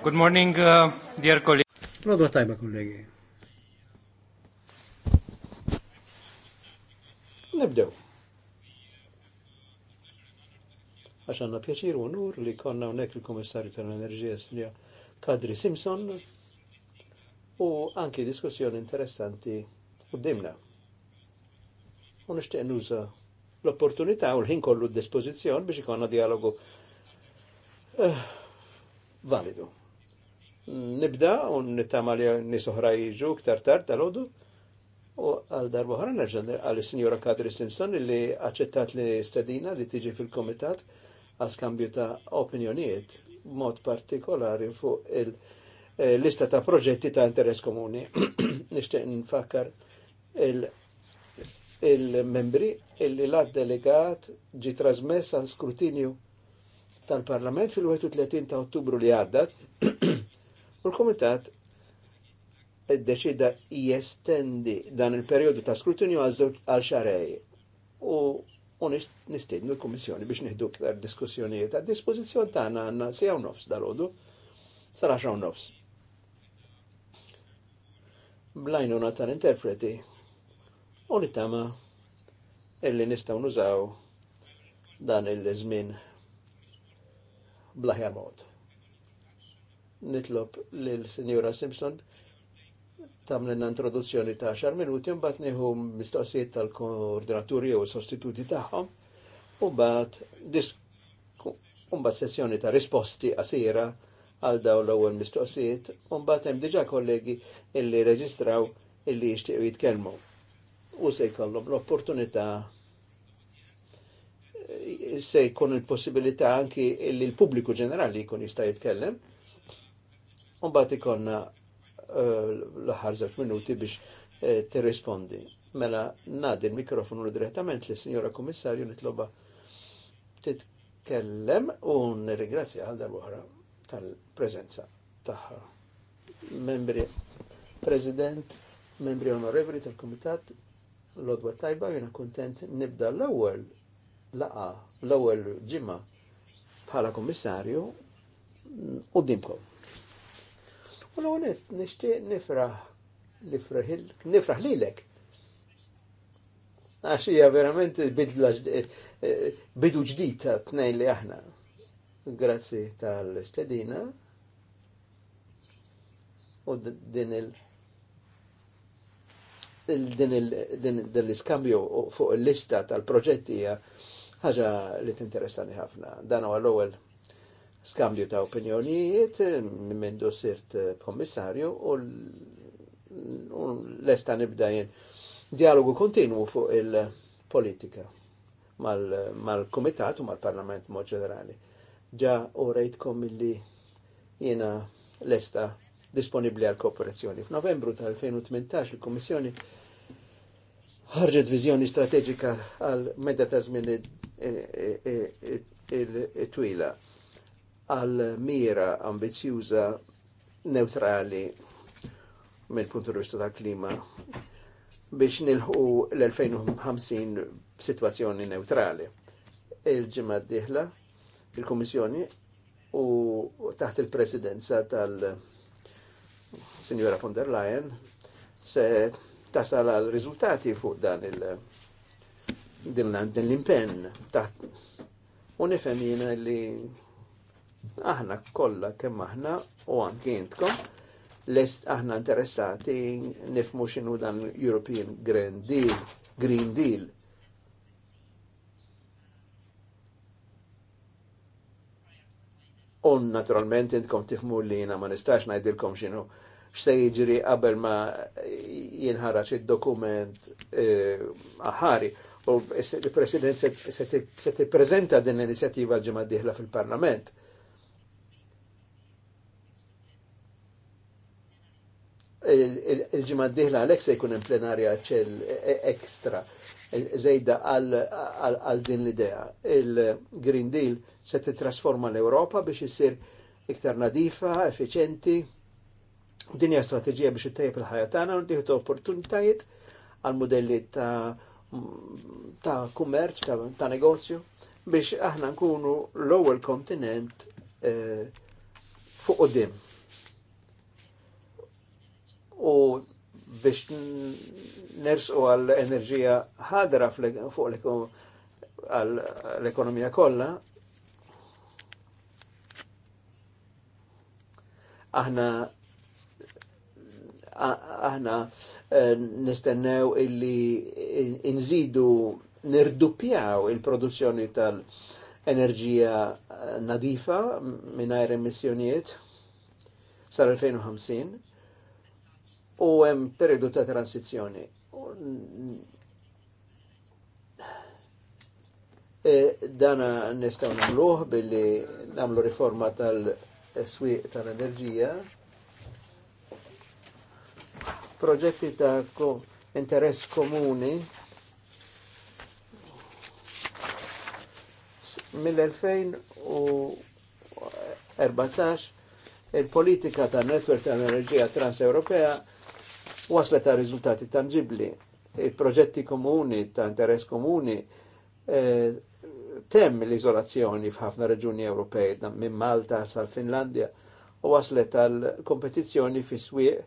Good morning, uh, dear colleagues. Rodwa tajba, kollegi. Nibdew. Għax għanna pjaċir u nur li konna unnek il-Komissarju tal-Enerġija Snija Kadri Simpson u anki diskussjoni interessanti u dimna. U nishtiq nuża l-opportunità u l-ħin kollu d-dispozizjon biex ikonna dialogu uh, validu nibda u nittama li nisoħra jiġu ktar tard tal-ħodu. U għal darba ħara nerġan għal signora Kadri Simpson li accettat li stedina li tiġi fil-komitat għal skambju ta' opinjonijiet mod partikolari fuq il- eh, lista ta' proġetti ta' interess komuni. Nishtiq nfakkar il-membri il li l delegat ġi trasmess għal skrutinju tal-Parlament fil-31 ta' Ottubru li għaddat U l-Komitat id-deċida jestendi dan il-periodu ta' skrutinju għal xarej u nistednu l-Komissjoni biex nihdu ktar diskussjonijiet. ta' għanna tagħna għandna għaw nofs dal ħodu sara xaw nofs. Blajnuna tal-interpreti u li illi nistaw nużaw dan il-żmien blaħja mod nitlob lil Sinjura Simpson tamlenna introduzzjoni ta' xar minuti mbagħad nieħu mistoqsijiet tal-koordinaturi u sostituti tagħhom u mbagħad sessjoni ta' risposti qasira għal daw l-ewwel mistoqsijiet u mbagħad hemm diġà kollegi illi reġistraw illi jixtiequ jitkellmu. U se jkollhom l-opportunità se jkun il-possibilità anki illi l-pubbliku ġenerali jkun jista' jitkellem Umbat ikonna eh, l-ħar żewġ minuti biex eh, tirrispondi. Mela nadi l-mikrofonu direttament li signora Kommissarju nitloba titkellem u nirringrazzja għal darbohra tal-prezenza tagħha. Membri President, membri onorevoli tal-Kumitat, l-Odwa Tajba, jena kontent nibda l-ewwel laqa, l-ewwel ġimma bħala kommissarju u dimkom U l-għonet, nishtiq nifraħ, nifraħ l-ek. Għaxija verament eh, bidu ġdita t-nejn li aħna. Grazzi tal-istedina u din il- din l-iskambju fuq il-lista tal-proġetti ħaġa li t-interessani ħafna. Dan u l ewel skambju ta' opinjonijiet eh, mindu sirt eh, kommissarju u l-esta nibda jen dialogu kontinu fuq il-politika mal-komitat mal u mal-parlament mod ġenerali. Ġa u rejtkom illi jena l-esta disponibli għal kooperazzjoni. F'Novembru tal-2018 il komissjoni ħarġet viżjoni strateġika għal medda ta' żmien il-twila. Il il għal mira ambizjuża neutrali mill punt di tal-klima biex nilħu l-2050 situazzjoni neutrali. Il-ġimma diħla, il-Komissjoni u taħt il-presidenza tal signora von der Leyen se tasal għal riżultati fuq dan il- din l-impenn taħt u li Aħna kollha kemm aħna u anki intkom lest aħna interessati nifmu x'inhu dan European Green Deal, Green Deal. U naturalment intkom tifmu li jiena ma nistax ngħidilkom x'inhu x'se jiġri qabel ma jinħarġ id-dokument eh, aħari. U il-President se tippreżenta din l-inizjattiva l-ġimgħa fil-Parlament. il-ġimma diħla għalek se jkun plenarja ċell ekstra zejda għal din l-idea. Il-Green Deal se titrasforma l-Europa biex jisir iktar nadifa, effiċenti, u dinja strategija biex it il-ħajja tagħna u ndiħdu opportunitajiet għal modelli ta' kummerċ, ta', negozju, biex aħna nkunu l-ewwel kontinent eh, fuq fuq dim u biex nersu għal enerġija ħadra fuq l-ekonomija kollha, aħna aħna eh, nistennew illi inżidu nirdupjaw il-produzzjoni tal-enerġija eh, nadifa minn emissjonijiet sal 2050 u hemm periodu ta' transizjoni. Eh, dana nistgħu nagħmluh billi nagħmlu riforma tal-swieq tal-enerġija. Proġetti ta' interess komuni mill-2014 il-politika ta' netwerk tal enerġija trans-Ewropea waslet ta' riżultati tangibli. Proġetti komuni, ta' interess komuni, eh, tem l-izolazzjoni f'ħafna reġuni Ewropej, minn Malta sal-Finlandja, u waslet tal-kompetizzjoni fi swieq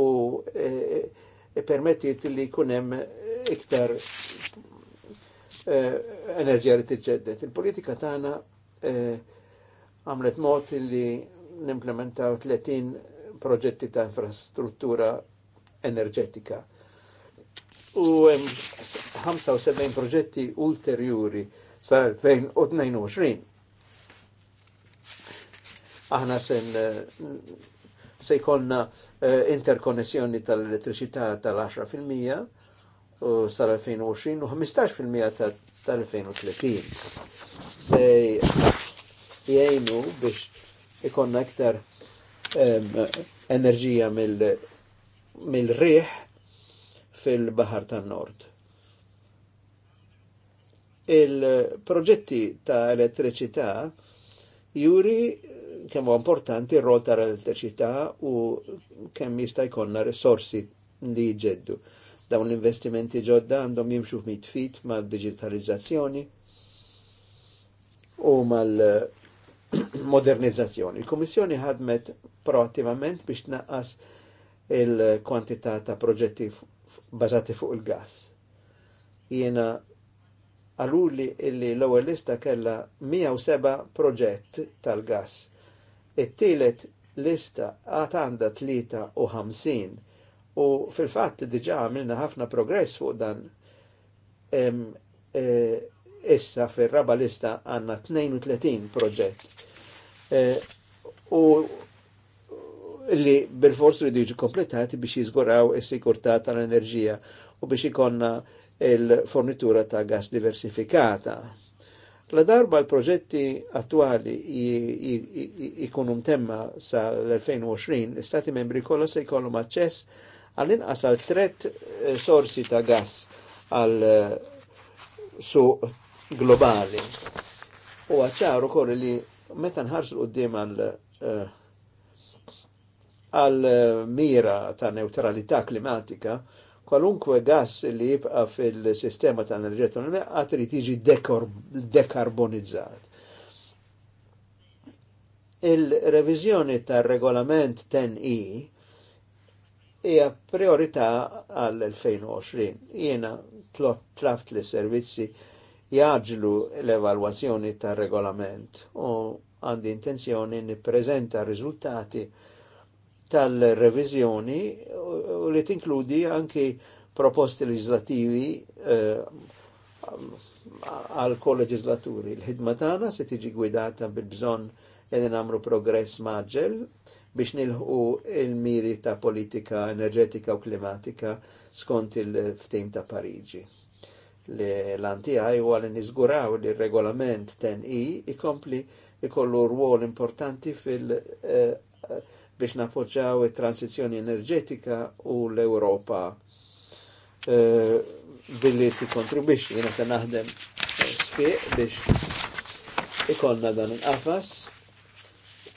u eh, e, permettit li kunem iktar e, enerġija li tiġġeddet. Il-politika tagħna għamlet mod li nimplementaw 30 proġetti ta' infrastruttura enerġetika. U 75 proġetti ulterjuri sal-2022. Aħna sen eh, se jkollna eh, interkonnessjoni tal-elettriċità tal-10% u sal-2020 u 15% tal-2030. Se jgħinu biex ikonna iktar enerġija mill mill-riħ fil-Bahar tan-Nord. Il-proġetti ta' elettriċità juri kemm importanti r-rol ta' elettriċità u kemm jista' jkollna risorsi li jġeddu. Dawn l-investimenti ġodda għandhom jimxu mit fit mal-digitalizzazzjoni u mal-modernizzazzjoni. il kummissjoni ħadmet proattivament biex tnaqqas il-kwantità ta' proġetti bazati fuq il-gas. Jiena għaluli illi l-ewwel lista kella 107 proġett tal-gas. It-tielet lista għat għandha 53 u fil-fatt diġà għamilna ħafna progress fuq dan em, e, issa fil-raba lista għanna 32 proġett. E, u li bil-fors li diġu kompletati biex jizguraw il-sikurta tal-enerġija u biex ikonna il-fornitura ta' gas diversifikata. La darba l-proġetti attuali ikunum temma sa l-2020, l-Stati membri kollha se jkollhom aċċess għall-inqas għal tret eh, sorsi ta' gas għal eh, suq globali. U għacċaru kolli li meta nħarsu l għal eh, għal eh, mira ta' neutralità klimatika, kwalunkwe gas li jibqa fil-sistema ta' enerġija tal-Unjoni għad irid jiġi dekarbonizzat. il revizjoni ta' regolament 10 i e hija priorità għal 2020. Jiena tlaft li servizzi jaġlu l-evalwazzjoni tar regolament u għandi intenzjoni nippreżenta prezenta riżultati tal-revizjoni u li tinkludi anki proposti legislativi eh, għal kol-leġislaturi. l ħidma tagħna se tiġi gwidata bil-bżonn qegħdin nagħmlu progress maġġel biex nilħu il-miri ta' politika enerġetika u klimatika skont il-ftim ta' Pariġi. l għaj huwa li niżguraw li regolament ten i ikompli ikollu rwol importanti fil- eh, biex napoġġaw it-transizjoni enerġetika u l-Europa eh, billi billi tikkontribwix Jena se naħdem sfiq biex ikollna dan il-qafas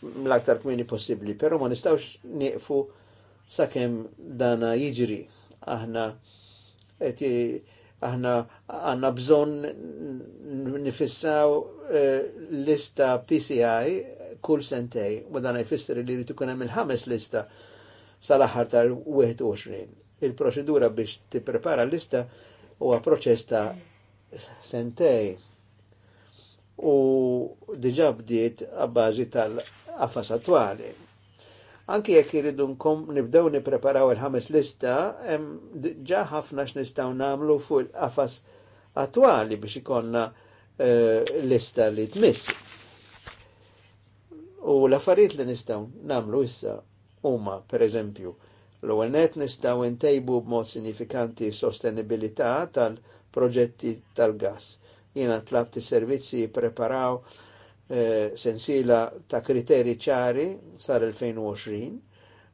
l-aktar kmini possibbli, però ma nistawx nieqfu sakemm dana jiġri aħna qed Aħna għanna bżon nifissaw eh, lista PCI kull sentej, u dan jfisser li rritu kunem il-ħames lista sal-aħħar tal-21. Il-proċedura biex tipprepara l-lista huwa għaproċess ta' sentej u diġa bdiet għabbażi tal-affas attuali Anki jekk iridu nkom nibdew nippreparaw il-ħames lista, ġa ħafna x'nistgħu nagħmlu fuq il-qafas attwali biex ikonna eh, lista li tmiss. U l-affarijiet li nistgħu nagħmlu issa huma, pereżempju, l-ewwel net nistgħu ntejbu b'mod sinifikanti sostenibilità tal-proġetti tal-gas. Jiena tlab is-servizzi preparaw Eh, sensila ta' kriteri ċari sar 2020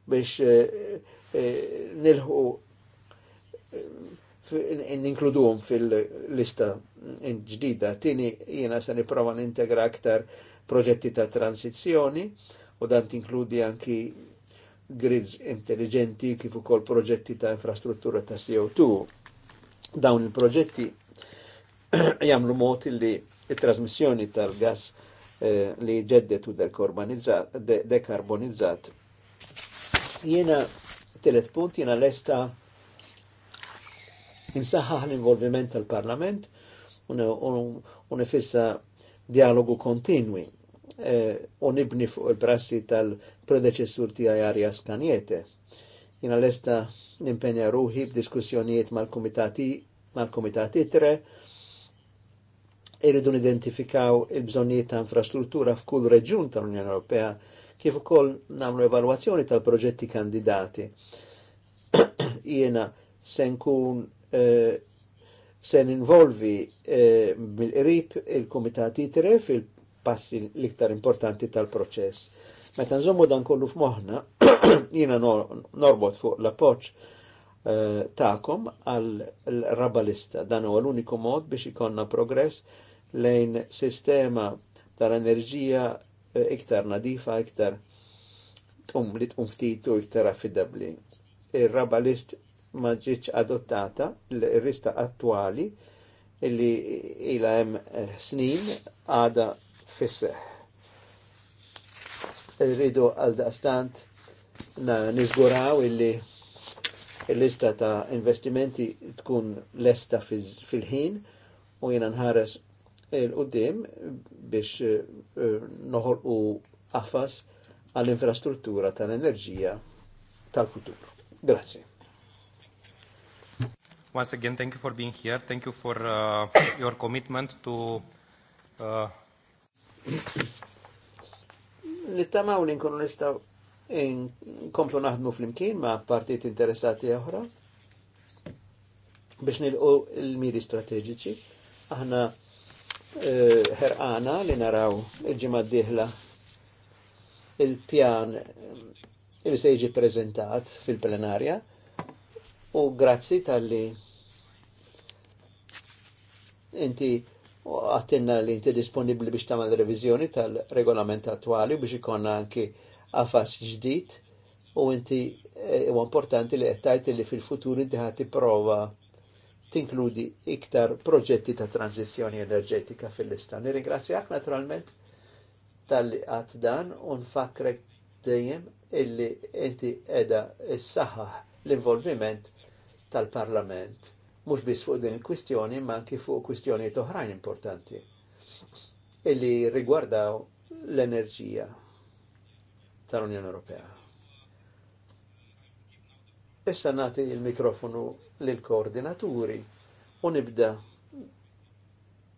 biex eh, eh, nilħu eh, ninkludum fil-lista ġdida. Tini jena se niprofa integra aktar proġetti ta' transizjoni u dan tinkludi anki grids intelligenti kif ukoll proġetti ta' infrastruttura ta' CO2. Dawn il-proġetti jagħmlu mod li it-trasmissjoni tal-gas Eh, li ġeddet u dekarbonizzat. Jena, telet punt, jena lesta insaħħaħ l-involviment tal-parlament u nifissa dialogu kontinwi eh, u nibni fuq il-prassi tal-predeċessur għajari askanjete. Jena l lesta nimpenja ruħi b'diskussjonijiet mal-komitati mal-komitati tre irridu nidentifikaw il-bżonnijiet ta' infrastruttura f'kull reġjun tal-Unjoni Ewropea kif ukoll nagħmlu evalwazzjoni tal-proġetti kandidati. Jiena se nkun eh, se involvi eh, mill-qrib il-Kumitat ITRE fil-passi l-iktar importanti tal-proċess. Meta nżommu dan kollu f'moħħna, jiena norbot fuq l-appoġġ eh, ta'kom għal rabalista Dan huwa l-uniku mod biex ikonna progress lejn sistema tal-enerġija eh, iktar nadifa, iktar tum li tqum ftitu iktar affidabli. Ir-raba list ma ġietx adottata, l-rista attwali illi ila hemm eh, snin għada fisseħ. Rridu għal daqstant na nizguraw illi il-lista ta' investimenti tkun lesta fil-ħin u jena nħares il qoddim biex eh, noħolqu affas għall-infrastruttura tal-enerġija tal-futur. Grazie. Once again, thank you for being here. Thank you for uh, your commitment to... Uh... Nittamaw li nkunu nistaw nkomplu naħdmu fl-imkien ma' partijt interessati oħra biex nilqu il-miri strategiċi. Aħna Eh, ħerqana li naraw il-ġimma diħla il-pjan eh, il se jiġi prezentat fil-plenarja u grazzi tal-li inti għattinna li inti disponibli biex tamal revizjoni tal-regolament attuali biex ikonna anki għafas ġdid u inti eh, u importanti li għettajt li fil-futur inti ħati prova tinkludi iktar proġetti ta' tranzizjoni enerġetika fil-lista. Nirringrazzjak naturalment tal-li għat dan un fakrek dejjem illi inti edha s-saħħaħ l-involviment tal-parlament, mux bis fuq din il-kwistjoni, ma anki fuq kwistjoni toħrajn importanti, illi rigwardaw l-enerġija tal-Unjoni Ewropea. Issa nati il-mikrofonu l-koordinaturi u nibda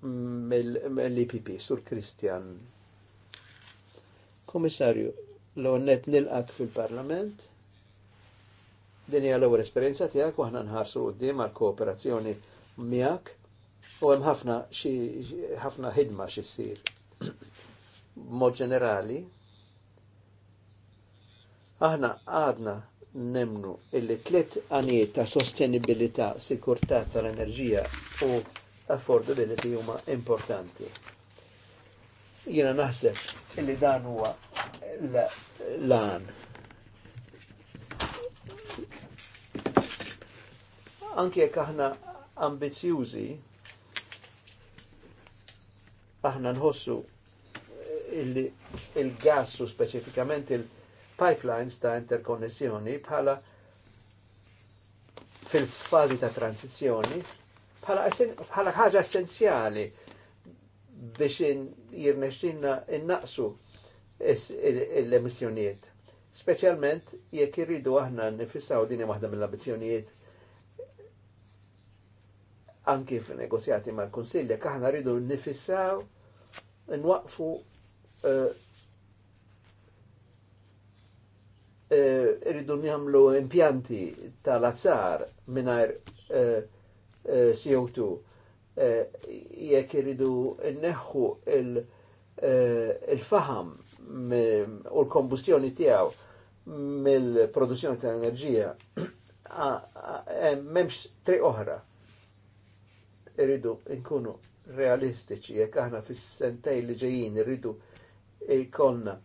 mill-IPP sur Kristjan. Komissarju, l-onnet nilqak fil-parlament, din hija l-ewwel esperjenza tiegħek u aħna nħarsu quddiem għal kooperazzjoni miegħek u hemm ħafna xi ħafna ħidma xi ssir. Mod ġenerali aħna għadna nemnu illi tliet għanijiet ta' sostenibilità, sikurtà tal-enerġija u affordability huma importanti. Jiena naħseb illi dan huwa l-għan. Anke jekk aħna ambizjużi, aħna nħossu il-gassu speċifikament il-, il pipelines ta' interkonnessjoni bħala fil-fazi ta' transizjoni bħala ħaġa essenzjali biex jirnexxinna innaqsu l-emissjonijiet. Speċjalment jekk irridu aħna nifissaw din waħda mill-ambizzjonijiet anki f'negozjati mal-Kunsill jekk aħna rridu nifissaw nwaqfu uh, Eh, irridu njamlu impjanti tal-azzar mingħajr eh, eh, CO2 jekk irridu nneħħu il-faham u l-kombustjoni tiegħu mill-produzzjoni tal-enerġija memx tri oħra. Irridu nkunu realistiċi jekk aħna fis-sentej li ġejjin irridu ikonna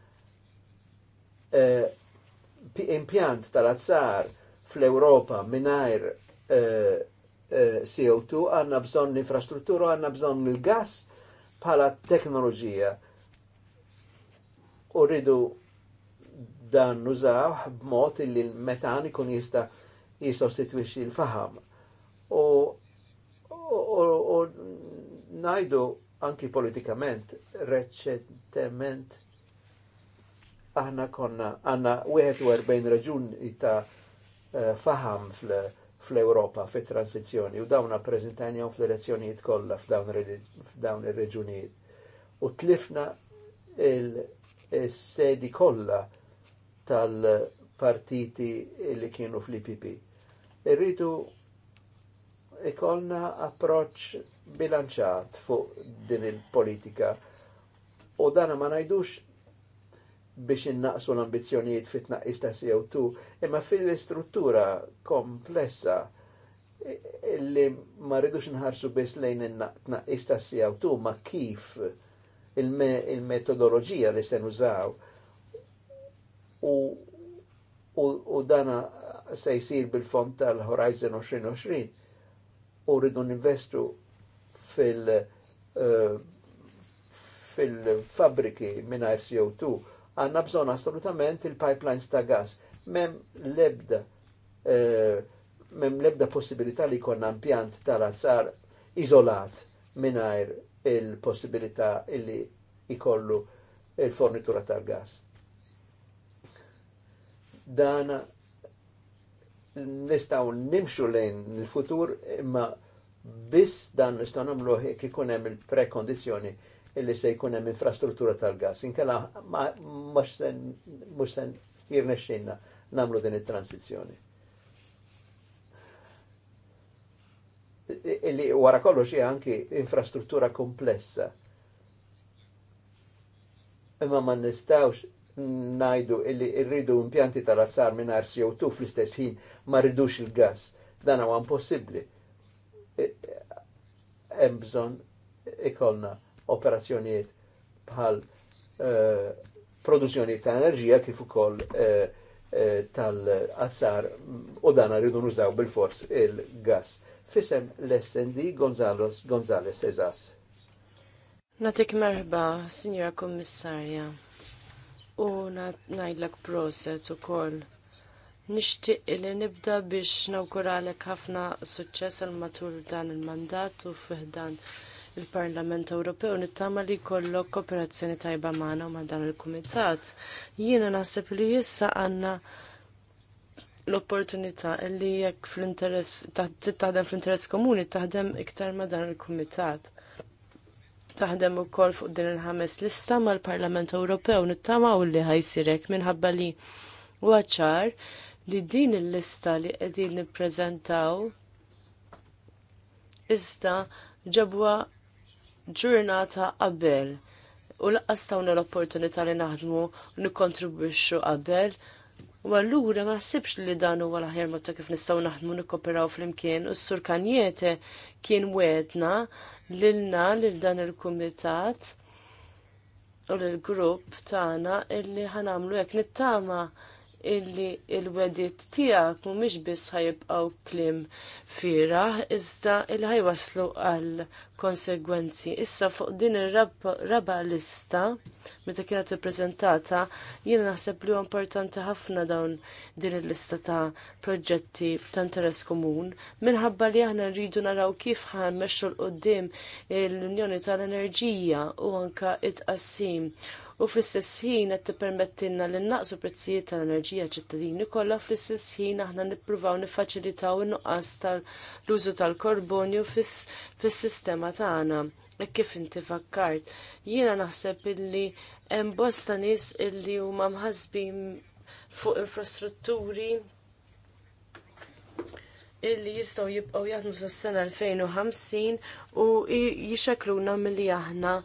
impjant tal-azzar fl-Europa minnajr eh, eh, CO2 għanna bżon infrastruttura, għanna bżon il-gas pala teknoloġija. U rridu dan nużaw b'mod li l-metan ikun jista jistostitwixi il faham U, u, u najdu anki politikament reċentement aħna konna għanna 41 raġun ta' eh, faham fl-Europa fit transizjoni u dawna prezentajnjom fl-elezzjonijiet kollha f'dawn ir-reġunijiet. U tlifna il-sedi kollha tal-partiti li kienu fl-IPP. Irridu ikolna approċ bilanċat fuq din il-politika u dana ma najdux biex innaqsu l-ambizjonijiet fit tnaqqis ta' CO2, imma fil-istruttura komplessa li ma rridux nħarsu biss lejn in-tnaqqis ta' CO2 ma kif il metodologija il li se nużaw u, u, u dana se jsir bil-fond tal-Horizon 2020 u rridu ninvestu fil- uh, fil-fabriki minna CO2 għanna bżon assolutament il-pipelines ta' gas. Mem lebda, eh, mem lebda possibilità li konna impjant tal-azzar izolat minnajr il-possibilità illi ikollu il-fornitura tal-gas. Dana nistaw nimxu lejn il-futur imma biss dan nistaw namluħi kikunem il-prekondizjoni il prekondizjoni illi se jkun hemm infrastruttura tal-gas. Inkella mhux se jirnexxinna nagħmlu din it-transizzjoni. Illi wara kollox hija anki infrastruttura komplessa. Imma ma nistgħux najdu illi rridu impjanti tal-azzar minn CO2 fl-istess ħin ma rridux il-gas. Dan huwa impossibbli. Hemm bżonn ikollna e operazzjonijiet bħal eh, produzzjoni ta' enerġija kif ukoll eh, eh, tal-azzar u dan rridu nużaw bil-fors il-gas. Fisem l-SND Gonzalos Gonzales Ezas. Natik merħba, sinjora Kommissarja, u najdlek proset u koll. Nishtiq li nibda biex nawguralek ħafna suċċess għal matul dan il-mandat u fih dan il-Parlament Ewropew nittama li jkollok kooperazzjoni tajba magħna ma' dan il-Kumitat. Jiena naħseb li issa għandna l-opportunità li jekk fl-interess taħdem fl-interess komuni taħdem iktar ma' dan il-Kumitat taħdem u fuq din il-ħames lista mal parlament Ewropew nittamaw li ħajsirek minħabba li waċar li din il-lista li qegħdin nippreżentaw iżda ġabwa ġurnata qabel u laqqas tawna l-opportunità li naħdmu nikkontribwixxu qabel. U allura ma sibx li dan huwa l-aħjar mod kif nistgħu naħdmu nikkoperaw flimkien u s-sur Kanjete kien wedna lilna lil dan il-kumitat u l-grupp tagħna illi ħanamlu hekk nittama' illi il-wedit tiegħek mhumiex biss ħajibqgħu kliem fira, iżda il ħajwaslu għal konsegwenzi. Issa fuq din ir-raba lista meta kienet ippreżentata, jiena naħseb li huwa importanti ħafna dawn din il-lista ta' proġetti ta' interess komun minħabba li aħna rridu naraw kif ħan meċxu l-qoddim l-Unjoni tal-Enerġija u anka it-qassim u fl-istess ħin qed tippermettilna li naqsu prezzijiet tal-enerġija ċittadini kollha fl-istess ħin aħna nippruvaw niffaċilitaw in-nuqqas tal-użu tal-korbonju fis-sistema tagħna. E kif inti fakkart, jiena naħseb illi hemm bosta nies illi huma mħasbin fuq infrastrutturi illi jistaw jibqaw jaħdmu sas-sena 2050 u jixekluna milli aħna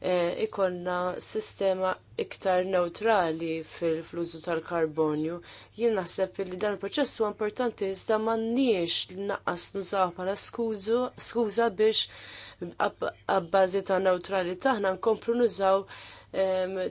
E, ikonna sistema iktar neutrali fil-flużu tal-karbonju. Jien naħseb li dan il-proċess huwa importanti iżda m'għandniex li naqqas nużaw bħala skuża biex abbażi ta' neutralità aħna nkomplu nużaw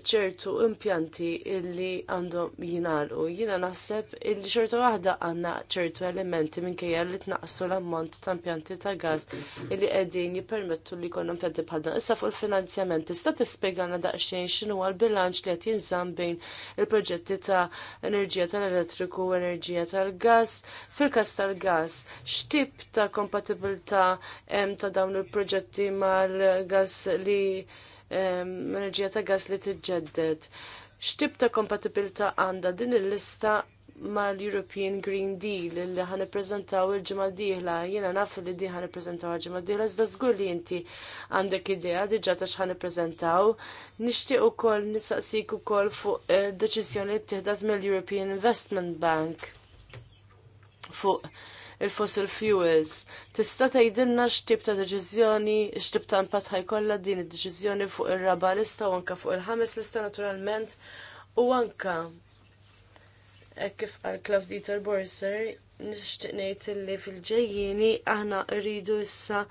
ċertu impjanti illi għandhom jingħalqu. Jiena naħseb illi ċertu waħda għandna ċertu elementi minkejja li tnaqsu l-ammont ta' impjanti ta' gaz illi qegħdin jippermettu li jkollhom impjanti bħal Issa fuq il-finanzjament tista' tispjegana daqsxejn x'inhu għal bilanċ li qed jinżamm bejn il-proġetti ta' enerġija tal-elettriku u enerġija tal gaz Fil-każ tal gaz x'tip ta' kompatibilità hemm ta' dawn il-proġetti mal gaz li enerġija ta' gas li tiġġedded. X'tib ta' kompatibilità għandha din il-lista mal-European Green Deal li ħan prezentaw il ġimgħa dieħla, Jiena naf li di ħan prezentaw il ġimgħa dieħla iżda żgur li inti għandek idea diġà ta' xħan prezentaw. Nixtieq ukoll kol nisaqsik u kol fuq eh, deċizjoni t mill-European Investment Bank fuq il-fossil fuels. Tista' tgħidilna x'tip ta' deċiżjoni, x'tip ta' impatt ħajkollha din id-deċiżjoni fuq ir-raba lista u anke fuq il-ħames lista naturalment u anke kif qal Klaus Dieter Borser nixtieq ngħid li fil-ġejjieni aħna rridu issa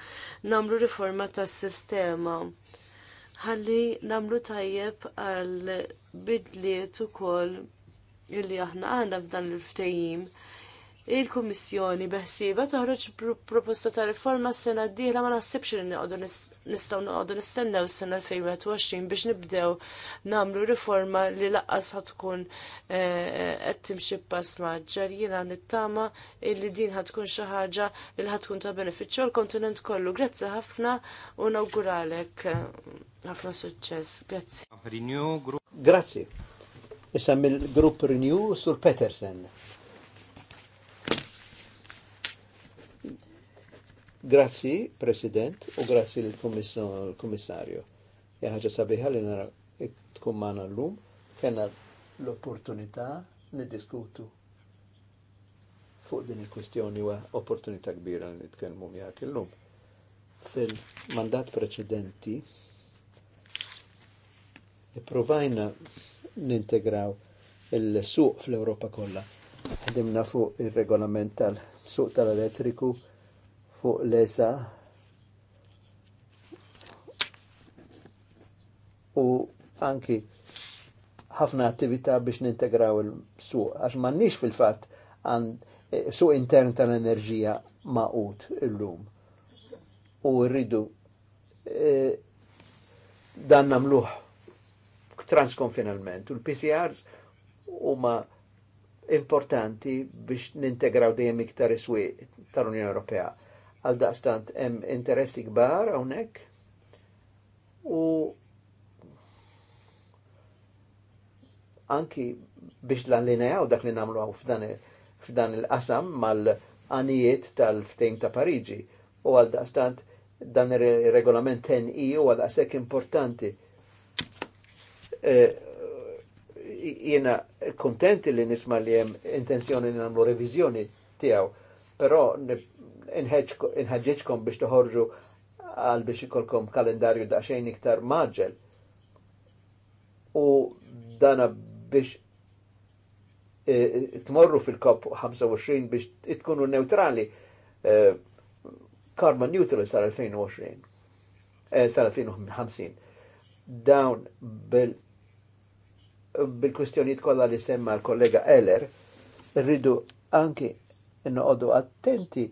nagħmlu riforma tas-sistema ħalli nagħmlu tajjeb għal bidliet ukoll illi aħna għandna f'dan il ftehim il-Kummissjoni beħsieba toħroġ proposta ta' riforma s-sena d dihla ma naħsibx li nistaw nistgħu noqogħdu nistennew s-sena 2021 biex nibdew nagħmlu riforma li laqqas tkun eh, eh, qed timxi pass maġġar jiena nittama illi din ħatkun xi ħaġa li ħatkun ta' benefiċċju l-kontinent kollu. Grazzi ħafna u nawguralek eh, ħafna suċċess. Grazzi. Grazzi. Issa mill-grupp Renew sur Petersen. Grazzi, President, u grazzi l-Kommissarju. Jaħġa sabiħa li nara tkun maħna l-lum, kena l-opportunità nid-diskutu fuq din il kwestjoni wa opportunità kbira li miħak l-lum. Fil-mandat preċedenti provajna nintegraw il-suq fl-Europa kolla. Ħdimna fuq il-regolament tal-suq tal-elettriku, tal suq tal elettriku fuq l-esa u anki ħafna attività biex nintegraw il-suq, għax mannix fil-fat għan eh, suq intern tal-enerġija maqut illum. U rridu e, dan namluħ transkonfinalment. U l-PCRs huma importanti biex nintegraw dejjem iktar is-suq tal-Unjoni Ewropea għal daqstant hemm interessi kbar hawnhekk u anki biex l-allinejaw dak li namlu f'dan il-qasam mal-anijiet tal ftejn ta' Pariġi u għal daqstant dan il-regolament 10 i e u għal daqsek importanti. E, jiena jena kontenti li nisma li jem intenzjoni li namlu revizjoni tijaw, pero inħedġiċkom biex toħorġu għal biex ikolkom kalendarju daqxejn iktar maġġel. U dana biex e, e, tmorru fil-kop 25 biex tkunu neutrali e, carbon neutral sal-2020 sal-2050 dawn bil bil-kustjoniet kolla li semma l-kollega Eller rridu anki noqogħdu attenti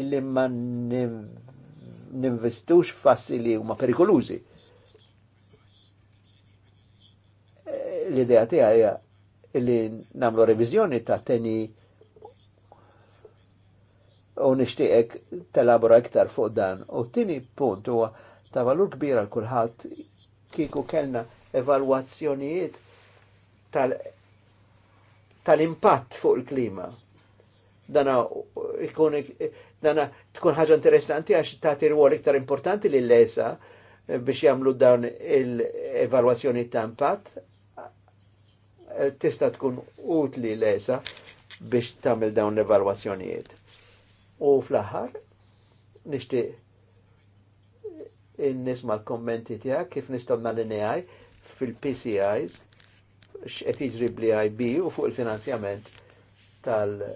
illi ma ninvestux fassili u huma perikolużi. Eh, l-idea tiegħi hija illi nagħmlu reviżjoni ta' teni u nixtieqek talabora iktar fuq dan. U tini punt huwa ta' valur kbira l kulħadd kieku kellna evalwazzjonijiet tal-impatt tal fuq il-klima. Dana ikun Dana tkun ħaġa interessanti għax tagħti rwol iktar importanti lil lesa eh, biex jagħmlu dawn l-evalwazzjoni ta' impatt eh, tista' tkun utli lesa biex tagħmel dawn l-evalwazzjonijiet. U fl-aħħar nixtieq nisma l-kommenti tiegħek kif nistgħu mal-NAI fil-PCIs x'qed jiġri bl-IB u fuq il-finanzjament tal-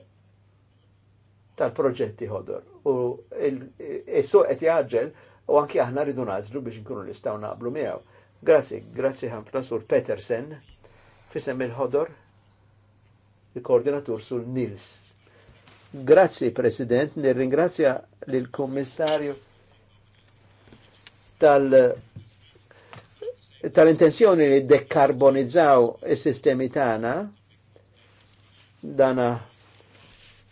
tal-proġetti ħodor. U il-suq qed jaġġel u anki aħna rridu nazlu biex nkunu nistgħu naqblu miegħu. Grazzi, grazzi ħafna sur Petersen fisem il-ħodor il-koordinatur sul Nils. Grazzi President, nirringrazzja lill-Kummissarju tal- tal-intenzjoni li dekkarbonizzaw is-sistemi tagħna dana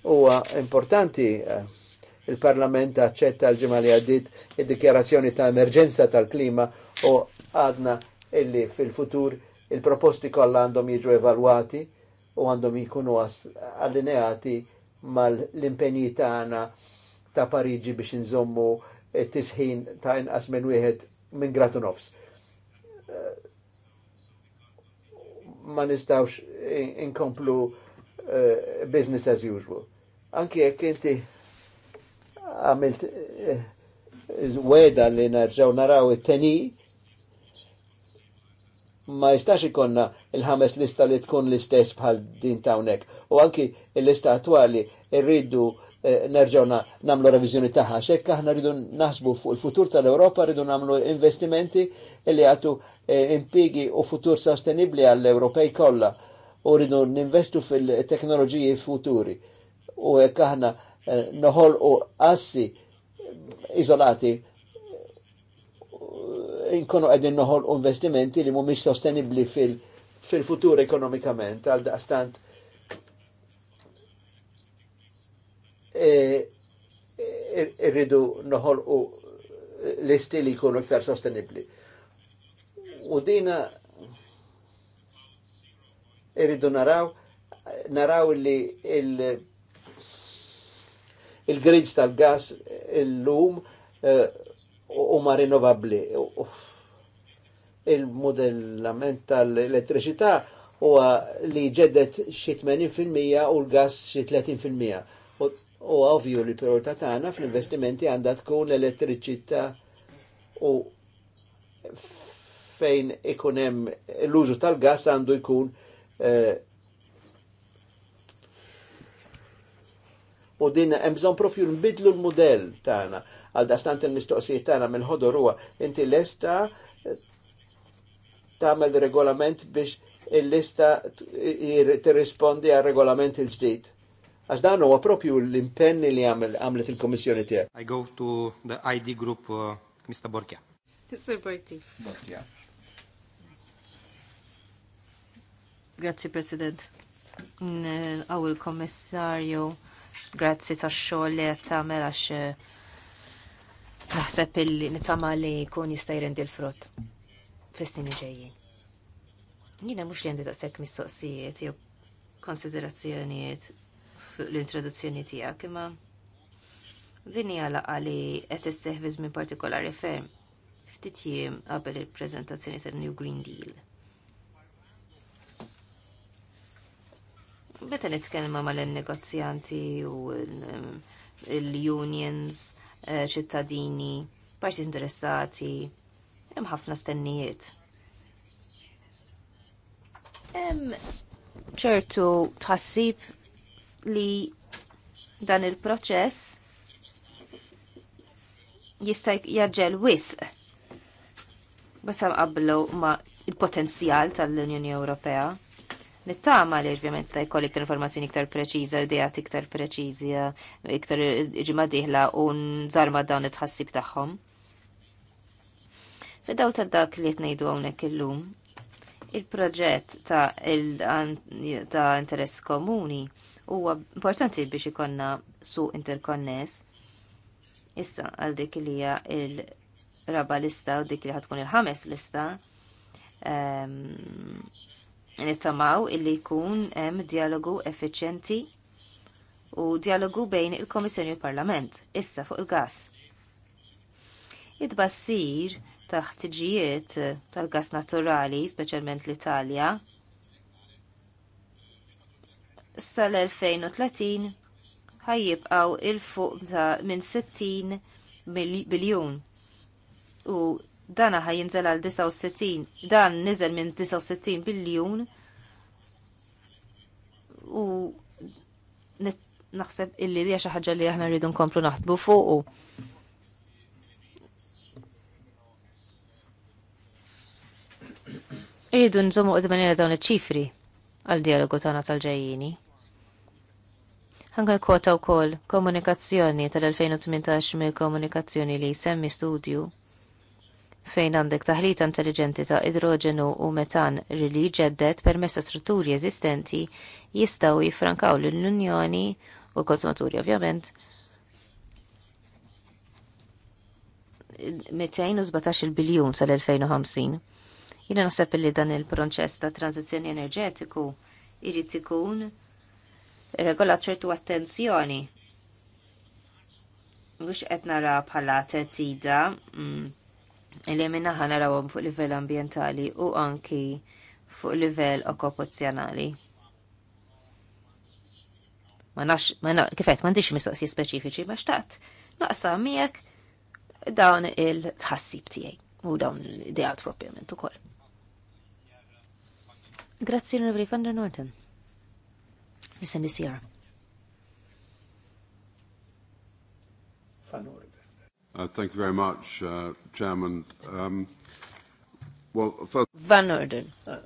Huwa importanti eh, il-Parlament aċċetta l-ġimgħa li għaddit id-dikjarazzjoni ta' emerġenza tal-klima u għadna illi fil-futur il-proposti kollha għandhom jiġu evalwati u għandhom jkunu allineati mal-impenji tagħna ta' Pariġi biex inżommu tisħin ta' inqas minn wieħed minn gratu nofs. Eh, ma nistawx inkomplu in Eh, business as usual. Anki jekk inti għamilt eh, weda li narġaw naraw it-teni, ma jistax ikonna il-ħames lista li tkun l-istess bħal din tawnek. U anki il-lista attuali irridu eh, nerġaw namlu revizjoni taħħa. xek aħna rridu naħsbu fuq il-futur tal-Europa, rridu namlu investimenti li għatu impigi u futur sostenibli għall-Ewropej kollha u rridu ninvestu fil-teknoloġiji futuri. U jekk aħna eh, noħol u assi izolati eh, inkonu għedin noħol u investimenti li mumiċ sostenibli fil-futur ekonomikament għal daqstant eh, irridu noħol u l-istili jkunu iktar sostenibli. U dina irridu naraw naraw li il- il-grids tal-gas il-lum eh, u ma rinnovabli. Il-modellament tal-elettriċità u li ġeddet xie 80% u l-gas xie 30%. U ovvju li priorità tagħna fl-investimenti għandha tkun l-elettriċità u fejn ikun hemm l-użu tal-gas għandu jkun Eh, u din hemm bżonn propju nbidlu l-mudell tagħna għal dastant il-mistoqsijiet tagħna mill-ħodor huwa inti lesta eh, tagħmel regolament biex il-lista tirrispondi għal regolament il-ġdid. Għax dan huwa propju l-impenni li għamlet il-Kommissjoni tiegħek. I go to the ID group uh, Mr. Borgia. Mr. Borgia. Borgia. Grazzi President. Għaw il-Kommissarju, grazzi ta' xogħol li qed tagħmel għax eh, naħseb illi nitama li jkun jista' jrendi l-frott fis-snin ġejjin. Jiena mhux li għandi taqsek mistoqsijiet jew konsiderazzjonijiet l-introduzzjoni tiegħek imma din hija laqgħa li qed isseħħ fi żmien partikolari ferm ftit jiem qabel il-preżentazzjoni tal-New Green Deal. meta nitkellma mal-negozjanti u l-unions, eh, ċittadini, parti interessati, hemm ħafna stennijiet. Hemm ċertu tħassib li dan il-proċess jista' jaġġel wisq bas qablu ma' il-potenzjal tal-Unjoni Ewropea Nittama li ovvjament ta' jkolli informazzjoni iktar preċiża, idejat iktar preċiża, eh, iktar ġimma diħla u nżarma dawn it-ħassib tagħhom. Fidaw ta' dak li tnejdu hawnhekk illum, il-proġett ta', il ta interess komuni huwa importanti biex ikonna su interkonness issa għal dik li hija il-raba lista u dik li ħatkun il-ħames lista. Um, nittamaw illi jkun hemm dialogu effiċjenti u dialogu bejn il-Komissjoni u l-Parlament, issa fuq il-gas. Id-bassir taħt ġijiet tal-gas naturali, speċjalment l-Italja, sal-2030 ħajjibqaw il-fuq minn 60 biljun u Dan dana ħajinżel għal 69, dan niżel minn 69 biljun u naħseb illi li xi ħaġa li aħna rridu nkomplu naħdbu fuqu. nżomu nżommu qedmanina dawn iċ-ċifri għal dialogu tagħna tal-ġejjini. Ħanka kwota wkoll komunikazzjoni tal-2018 mill-komunikazzjoni li semmi studju fejn għandek taħlita intelligenti ta' idroġenu u metan rili ġeddet permezz ta' strutturi eżistenti jistgħu jiffrankaw l-Unjoni u l-konsumaturi ovvjament 217 biljun sal-2050. Jiena naħseb li dan il-proċess ta' tranzizzjoni enerġetiku jrid ikun regolat ċertu attenzjoni. Mhux qed nara bħala tettida mm, li naħa narawhom fuq livell ambjentali u anki fuq livell okkupazzjonali. Ma nafx, ma nafx, kifet, m'għandix mistoqsijiet speċifiċi, ma xtaqt naqsa miegħek dawn il-tħassib tiegħi u dawn l-ideat propjament ukoll. Grazzi l van Fender Norton. Nisem li sijar. Uh, thank you very much, uh, Chairman. Um, well, first... Van Orden. Uh,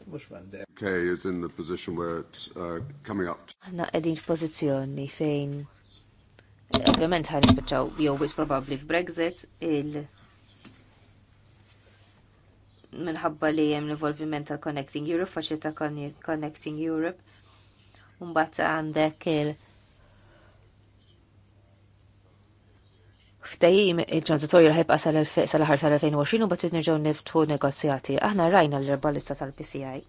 okay, it's in the position where it's uh, coming up. Għanna edin f'pozizjoni fejn eh, ovvjament ħan nispiċċaw jew wis probabbli f'Brexit il minħabba li jem l-involviment tal Connecting Europe ta' Connecting Europe. Mbagħad għandek il- ftehim il-transitorju li ħibqa sal-ħar sal-2020 u bat nerġgħu niftħu negozjati. Aħna rajna l-erba lista tal-PCI.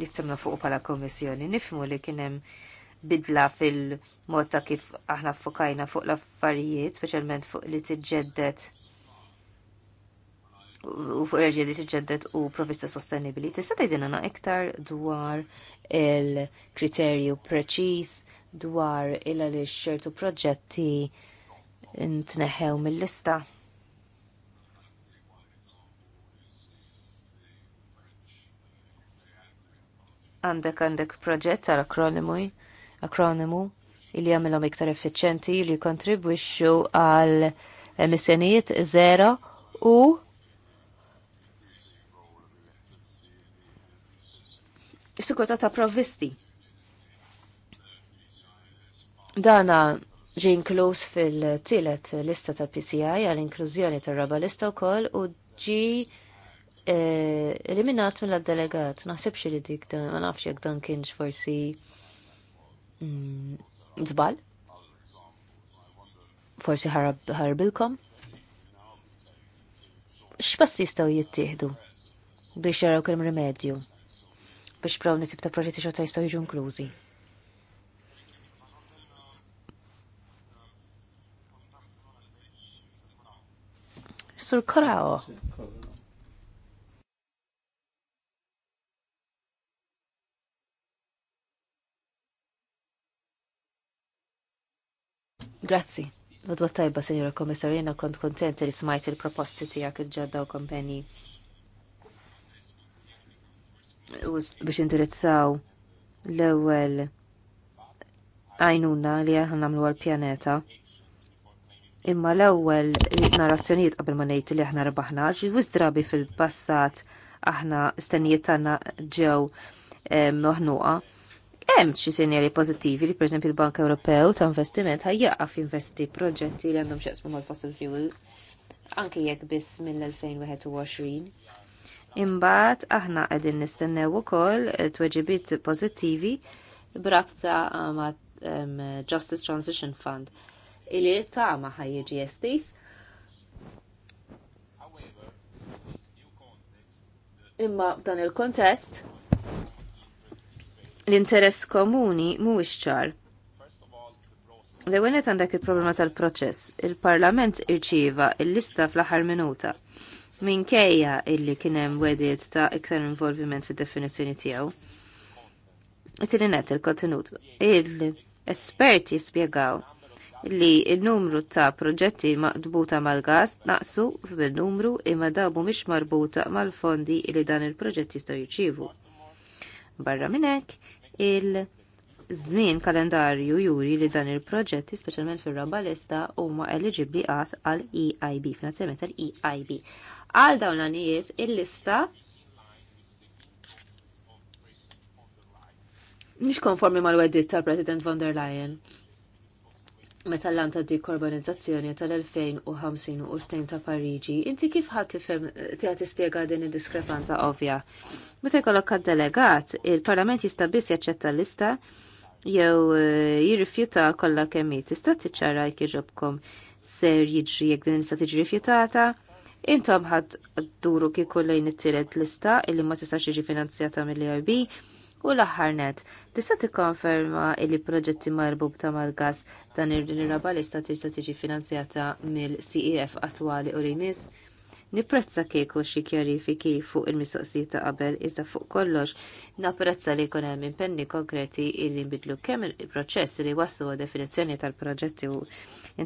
Niftemna fuq bħala kommissjoni, nifmu li kien hemm bidla fil-mod ta' kif aħna fukajna fuq l-affarijiet, speċjalment fuq li t-ġeddet u fuq enerġija li t-ġeddet u provista sostenibili. Tista' tgħidilna iktar dwar il-kriterju preċiż dwar illa li xertu proġetti ntneħew mill-lista. Għandek għandek proġett tal akronimu akronimu li jagħmilhom iktar effiċenti li kontribwixxu għal emissjonijiet zero u sikurtà ta' provvisti Dana ġin inkluż fil-tielet lista tal-PCI għall-inklużjoni tar-raba lista wkoll u ġi eh, eliminat mill-delegat. Naħsebx li dik dan, ma nafx jekk dan kienx forsi zbal. Mm, forsi ħarbilkom. X'pass jistgħu jittieħdu biex jaraw kemm rimedju biex praw tip ta' proġetti xorta jistgħu jiġu inklużi. Sur Korao. Grazzi. Nodwa tajba, Senjora Komissar, jena kont kontent li smajt il-proposti tijak il ġadda u kompeni biex indirizzaw l-ewel għajnuna li għahna namlu għal-pjaneta. Imma l-ewwel narrazzjonijiet qabel ma ngħid li aħna rebaħna xi drabi fil-passat aħna stennijiet tagħna ġew moħnuqa. Hemm xi sinjali pożittivi li pereżempju il bank Ewropew ta' investiment ħajjaqaf investi proġetti li għandhom x'jaqsmu mal-fossil fuels anke jekk biss mill-2021. Imbagħad aħna qegħdin nistennew ukoll tweġibiet pożittivi brabta ma' Justice Transition Fund ta' ma ħajjiġi estis. Imma f'dan il-kontest l-interess komuni mhuwiex ċar. L-ewwel għandak għandek il-problema tal-proċess. Il-Parlament irċieva l lista fl-aħħar minuta minkejja illi kien hemm wediet ta' iktar involviment fid-definizzjoni tiegħu. it il-kontenut. Il-esperti spjegaw li n-numru ta' proġetti maqdbuta mal-gas naqsu bil-numru imma dabu mhix marbuta mal-fondi li dan il-proġetti jistgħu jirċievu. Barra minn hekk, il-żmien kalendarju juri li dan il-proġetti speċjalment fir-raba lista huma eligibbli għad għal EIB finanzjament tal-EIB. Għal dawn l-għanijiet il-lista nix konformi mal-weddit tal-President von der Leyen meta l-lan dekarbonizzazzjoni tal-2050 u l ta' Pariġi, inti kif ħadd tifhem tiegħek tispjega din id-diskrepanza ovvja. Meta jkollok delegat, il-Parlament jista' biss jaċċetta l-lista jew eh, jirrifjuta kollha kemm hi. Tista' tiċċara jekk jogħġobkom ser jiġri jekk din lista tiġi rifjutata. Intom ħadd duru kieku lejn it-tielet lista illi ma tistax jiġi finanzjata mill-IRB U l-aħħar net, tista' tikkonferma li proġetti ta' mal-gas dan ir-raba lista tista' tiġi finanzjata mill-CEF attwali u rimis? Nipprezza kieku xi kjarifiki fuq il-mistoqsijiet ta' qabel iżda fuq kollox, napprezza li jkun hemm impenni konkreti li nbidlu kemm il-proċess li waslu definizzjoni tal-proġetti u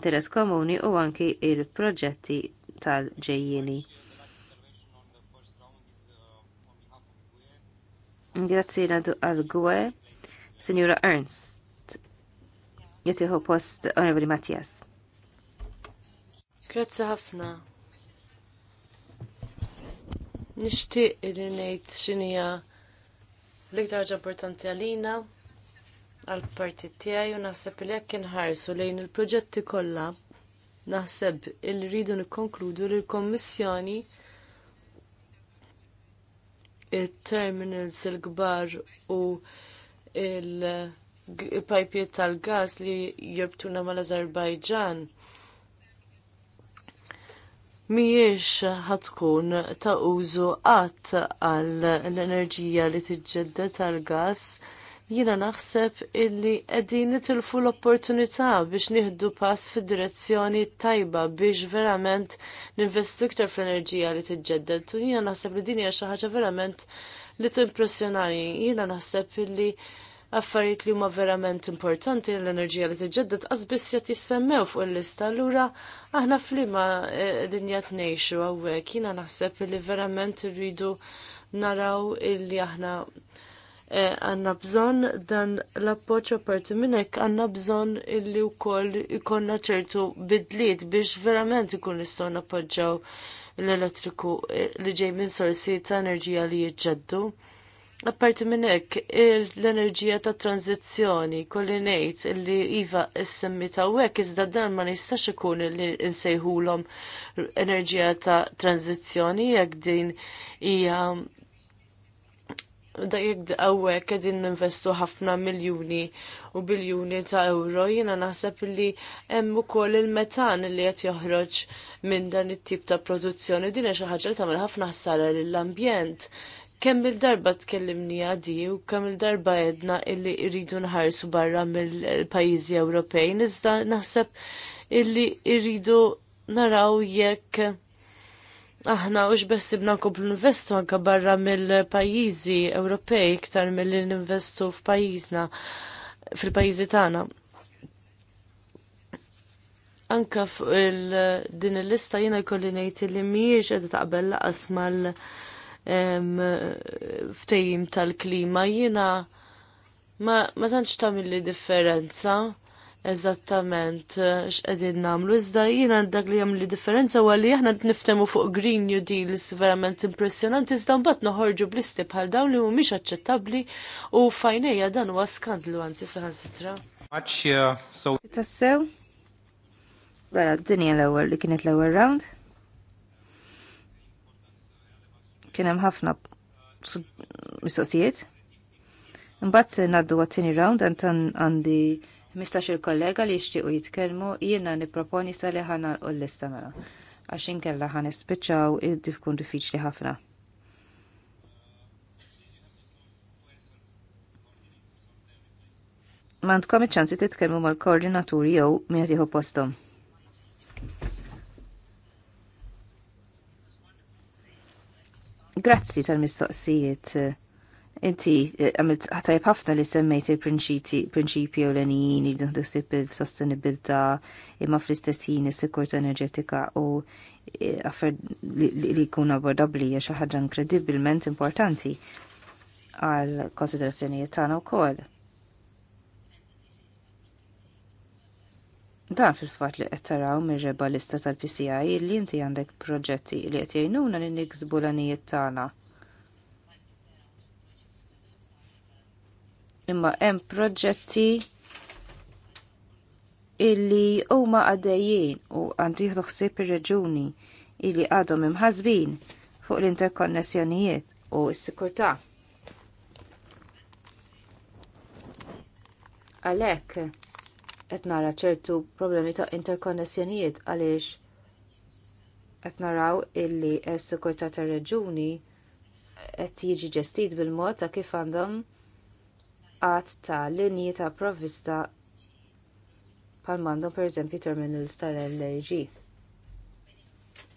interess komuni u anki il-proġetti tal ġejjini Grazzi għadu għal-gwe, Signora Ernst, jittiħu post Onorevoli Mattias. Grazzi ħafna. Nishtiq li ngħid x'inhija l-iktar ħaġa għalina għal-partit tiegħi u naħseb li jekk inħarsu lejn il-proġetti kollha naħseb il-ridu nikkonkludu li l-Kommissjoni il-terminals il-gbar u il-pajpiet tal-gas li jirbtuna mal-Azerbajġan miex ħatkun ta' użu qatt għall l-enerġija li tiġġedda tal-gas jina naħseb illi qegħdin nitilfu l-opportunità biex nieħdu pass fid-direzzjoni tajba biex verament ninvestu iktar fl-enerġija li tiġġedded. U jiena naħseb li din hija xi ħaġa verament li t-impressjonani. Jiena naħseb illi affarijiet li huma verament importanti l-enerġija li tiġġedded qasbiss qed jissemmew fuq il-lista allura aħna f'liema eh, din qed ngħixu hawnhekk. Jiena naħseb illi verament irridu naraw illi aħna Eh, għanna bżon dan l-appoċ apparti minnek għanna bżon illi u koll ikonna ċertu bidliet biex verament ikun nistaw nappoġġaw l-elettriku eh, li ġej minn sorsi ta' enerġija li jġeddu. Apparti minn hekk, l-enerġija ta' tranzizzjoni kolli ngħid li iva issemmi ta' hekk iżda dan ma nistax ikun li nsejħulhom enerġija ta' tranzizzjoni jekk din hija da jibda għawek għedin ninvestu ħafna miljoni u biljuni ta' euro, jina naħseb li hemm ukoll il-metan li qed joħroġ minn dan it-tip ta' produzzjoni. Din xi ħaġa li tagħmel ħafna ħsara lill-ambjent. Kemm il-darba tkellimni għadi u kemm il-darba jedna illi irridu nħarsu barra mill-pajjiżi Ewropej, iżda naħseb illi irridu naraw jekk aħna u xbessibna kublu investu anka barra mill-pajizi Ewropej iktar mill-li ninvestu f'pajizna fil-pajizi tagħna anka fuq din il-lista jiena jkolli ngħid li mhijiex edha taqbel laqas mal ftejjim tal-klima jiena ma, ma tantx tagħmel li differenza eżattament eh, x'qegħdin nagħmlu. Iżda jiena dak li jagħmel differenza huwa li aħna niftemu fuq Green New Deals verament impressjonanti iżda mbagħad noħorġu blisti bħal dawn li mhumiex aċċettabbli u fajnejja dan huwa skandlu anzi saħansitra. Uh, Tassew? Bella, d-dinja l-ewwel li kienet l-ewwel round. Kien hemm ħafna mistoqsijiet. Imbagħad ngħaddu għat-tieni round għandi Mistax il-kollega li jixtiequ jitkellmu jiena nipproponi sali ħana u l-lista mela għax inkella ħan ispiċċaw tkun diffiċli ħafna. Mandkom iċ-ċansi titkellmu mal-koordinaturi jew min qed jieħu postom. Grazzi tal-mistoqsijiet. Inti eh, għamilt ħafna li semmejt il prinċipju l-enijin li nħdusib il-sostenibilta imma fl istessin il is-sikurta enerġetika u eh, affer li kun abordabli hija xi ħaġa inkredibilment importanti għal konsiderazzjonijiet tagħna wkoll. Dan fil-fat li qed taraw mir-reba lista tal-PCI li inti għandek proġetti li qed jgħinuna li niksbu l-anijiet tagħna. imma hemm proġetti illi huma għaddejjin u għandih jieħdu ħsieb ir-reġuni illi għadhom imħazbin fuq l-interkonnessjonijiet u s-sikurtà. Għalhekk qed nara ċertu problemi ta' interkonnessjonijiet għaliex qed naraw illi s-sikurtà tar-reġuni qed jiġi ġestit bil-mod ta' kif għandhom għat ta' linji ta' provvista pal mandu per eżempju terminals tal-LG.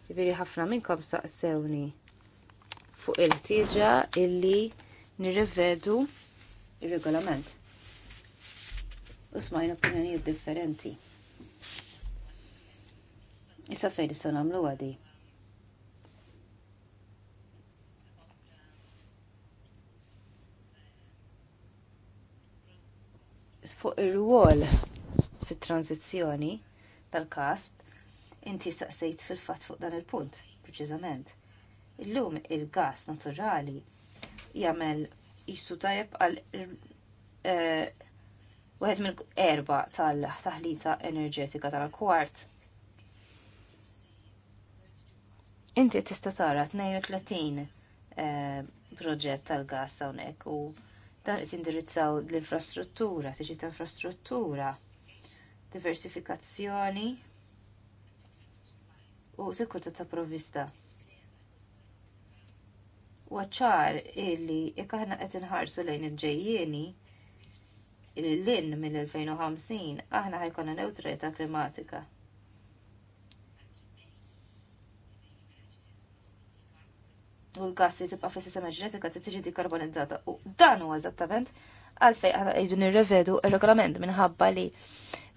Ġifiri ħafna minnkom saqsewni fuq il-ħtieġa illi nirrivedu il-regolament. U smajna opinjonijiet differenti. Issa fejn se nagħmlu għadi. fuq ir-rwol fit-tranzizzjoni tal-kast, inti staqsejt fil-fatt fuq dan il-punt, preċiżament. Illum il-gas naturali jagħmel jissu tajjeb għal eh, wieħed mill-erba tal-taħlita enerġetika tal-kwart. Inti tista' tara 32 eh, proġett tal-gas hawnhekk u Dan qed indirizzaw l-infrastruttura, tiġi ta' infrastruttura, diversifikazzjoni u sikurta ta' provvista waċċar illi jekk aħna qed inħarsu lejn il-ġejjieni l lin mill-2050 aħna ħajkonna neutralità klimatika. u l gassi tibqa' fis-sistema ġenetika se tiġi dikarbonizzata. U dan huwa eżattament għalfejn aħna qegħdu nirrevedu ir-regolament minħabba li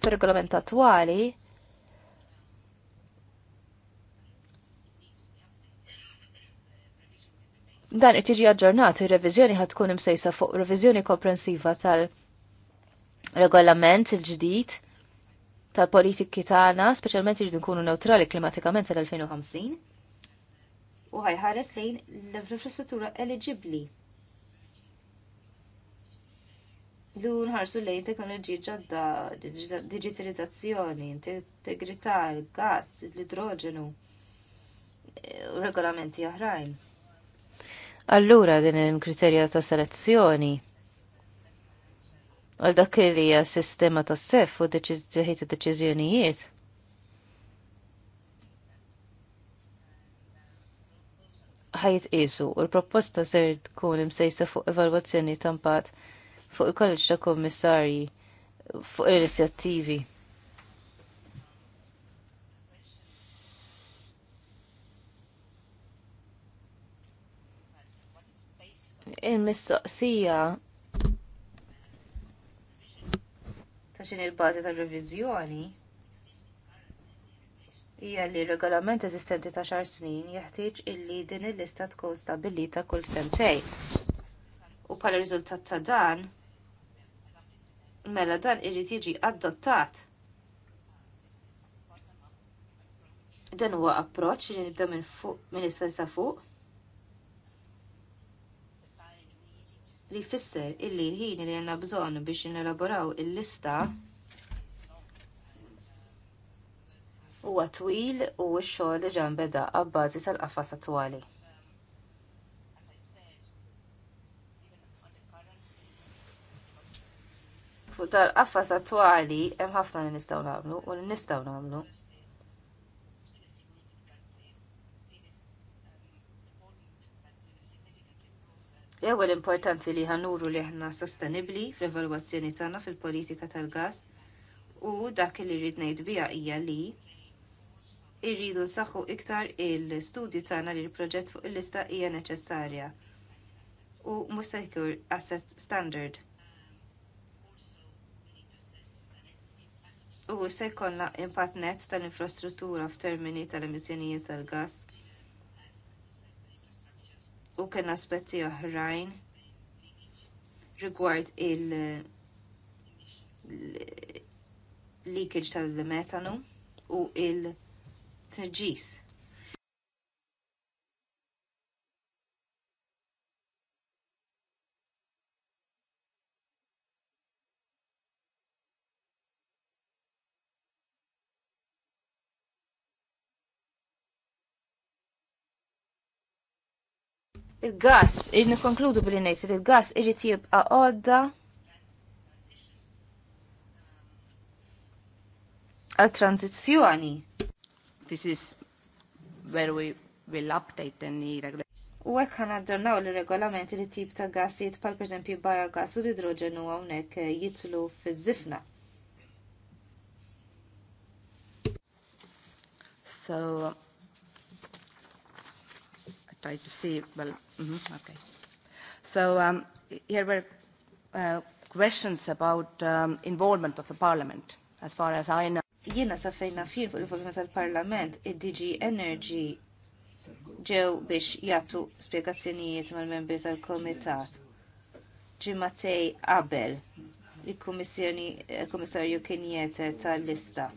fir-regolament attwali dan irid tiġi aġġornat, ir-reviżjoni ħad tkun imsejsa fuq reviżjoni komprensiva tal-regolament il-ġdid tal-politiki tagħna, speċjalment jridu nkunu neutrali klimatikament sal-2050 u ħajħares lejn l-infrastruttura eligibli. Lu nħarsu lejn teknoloġiji ġodda, digitalizzazzjoni, integrità, gas l-idroġenu, e, u regolamenti oħrajn. Allura din il-kriterja ta' selezzjoni għal dak li sistema ta' sef u deċiżjoni deċiżjonijiet ħajt isu u l-proposta ser tkun imsejsa fuq evalwazzjoni tampat fuq il-kolleġ ta' kommissarji fuq inizjattivi. Il-mistoqsija ta' xin il-bazi tal-revizjoni hija li regolament eżistenti ta' xar snin jeħtieġ illi din il-lista tkun ta' kull sentejn. U bħala riżultat ta' dan, mela dan irid jiġi adottat. Dan huwa approċċ li nibda minn fuq minn isfel sa fuq. li jfisser illi l-ħin li għanna bżonn biex nelaboraw il-lista huwa twil u x-xogħol ġan nbeda għabbażi tal-qafas attwali. Fuq tal-qafas attwali hemm ħafna li nistgħu nagħmlu u li nistgħu nagħmlu. L-ewwel importanti li ħanuru li aħna sostenibbli fl-evalwazzjoni tagħna fil-politika tal-gas u dak li rrid ngħid biha hija li irridu nsaħħu iktar il-studju tagħna li l-proġett fuq il-lista hija neċessarja u mhux jkun asset standard. U se jkollna impatt net tal-infrastruttura f'termini tal-emissjonijiet tal-gass u kien aspetti oħrajn rigward il- leakage tal-metanu u il- tneġġis. Il-gas, irrid nikonkludu bil-inajt, il gas iġi tjib għodda għal tranzizzjoni This is where we will update the regulation. U għek ħan aġġornaw l-regolamenti li tip ta' gassijiet jitpal per esempio biogas u l-idroġenu għawnek eh, jitlu fiż-zifna. So, I try to see, well, mm -hmm, okay. So, um, here were uh, questions about um, involvement of the parliament. As far as I know jiena sa fejna fil fuq il-volume tal-Parlament id-DG Energy ġew biex jagħtu spjegazzjonijiet mal-membri tal-Komitat. Ġimatej qabel il-Kummissarju eh, kien jete tal-lista.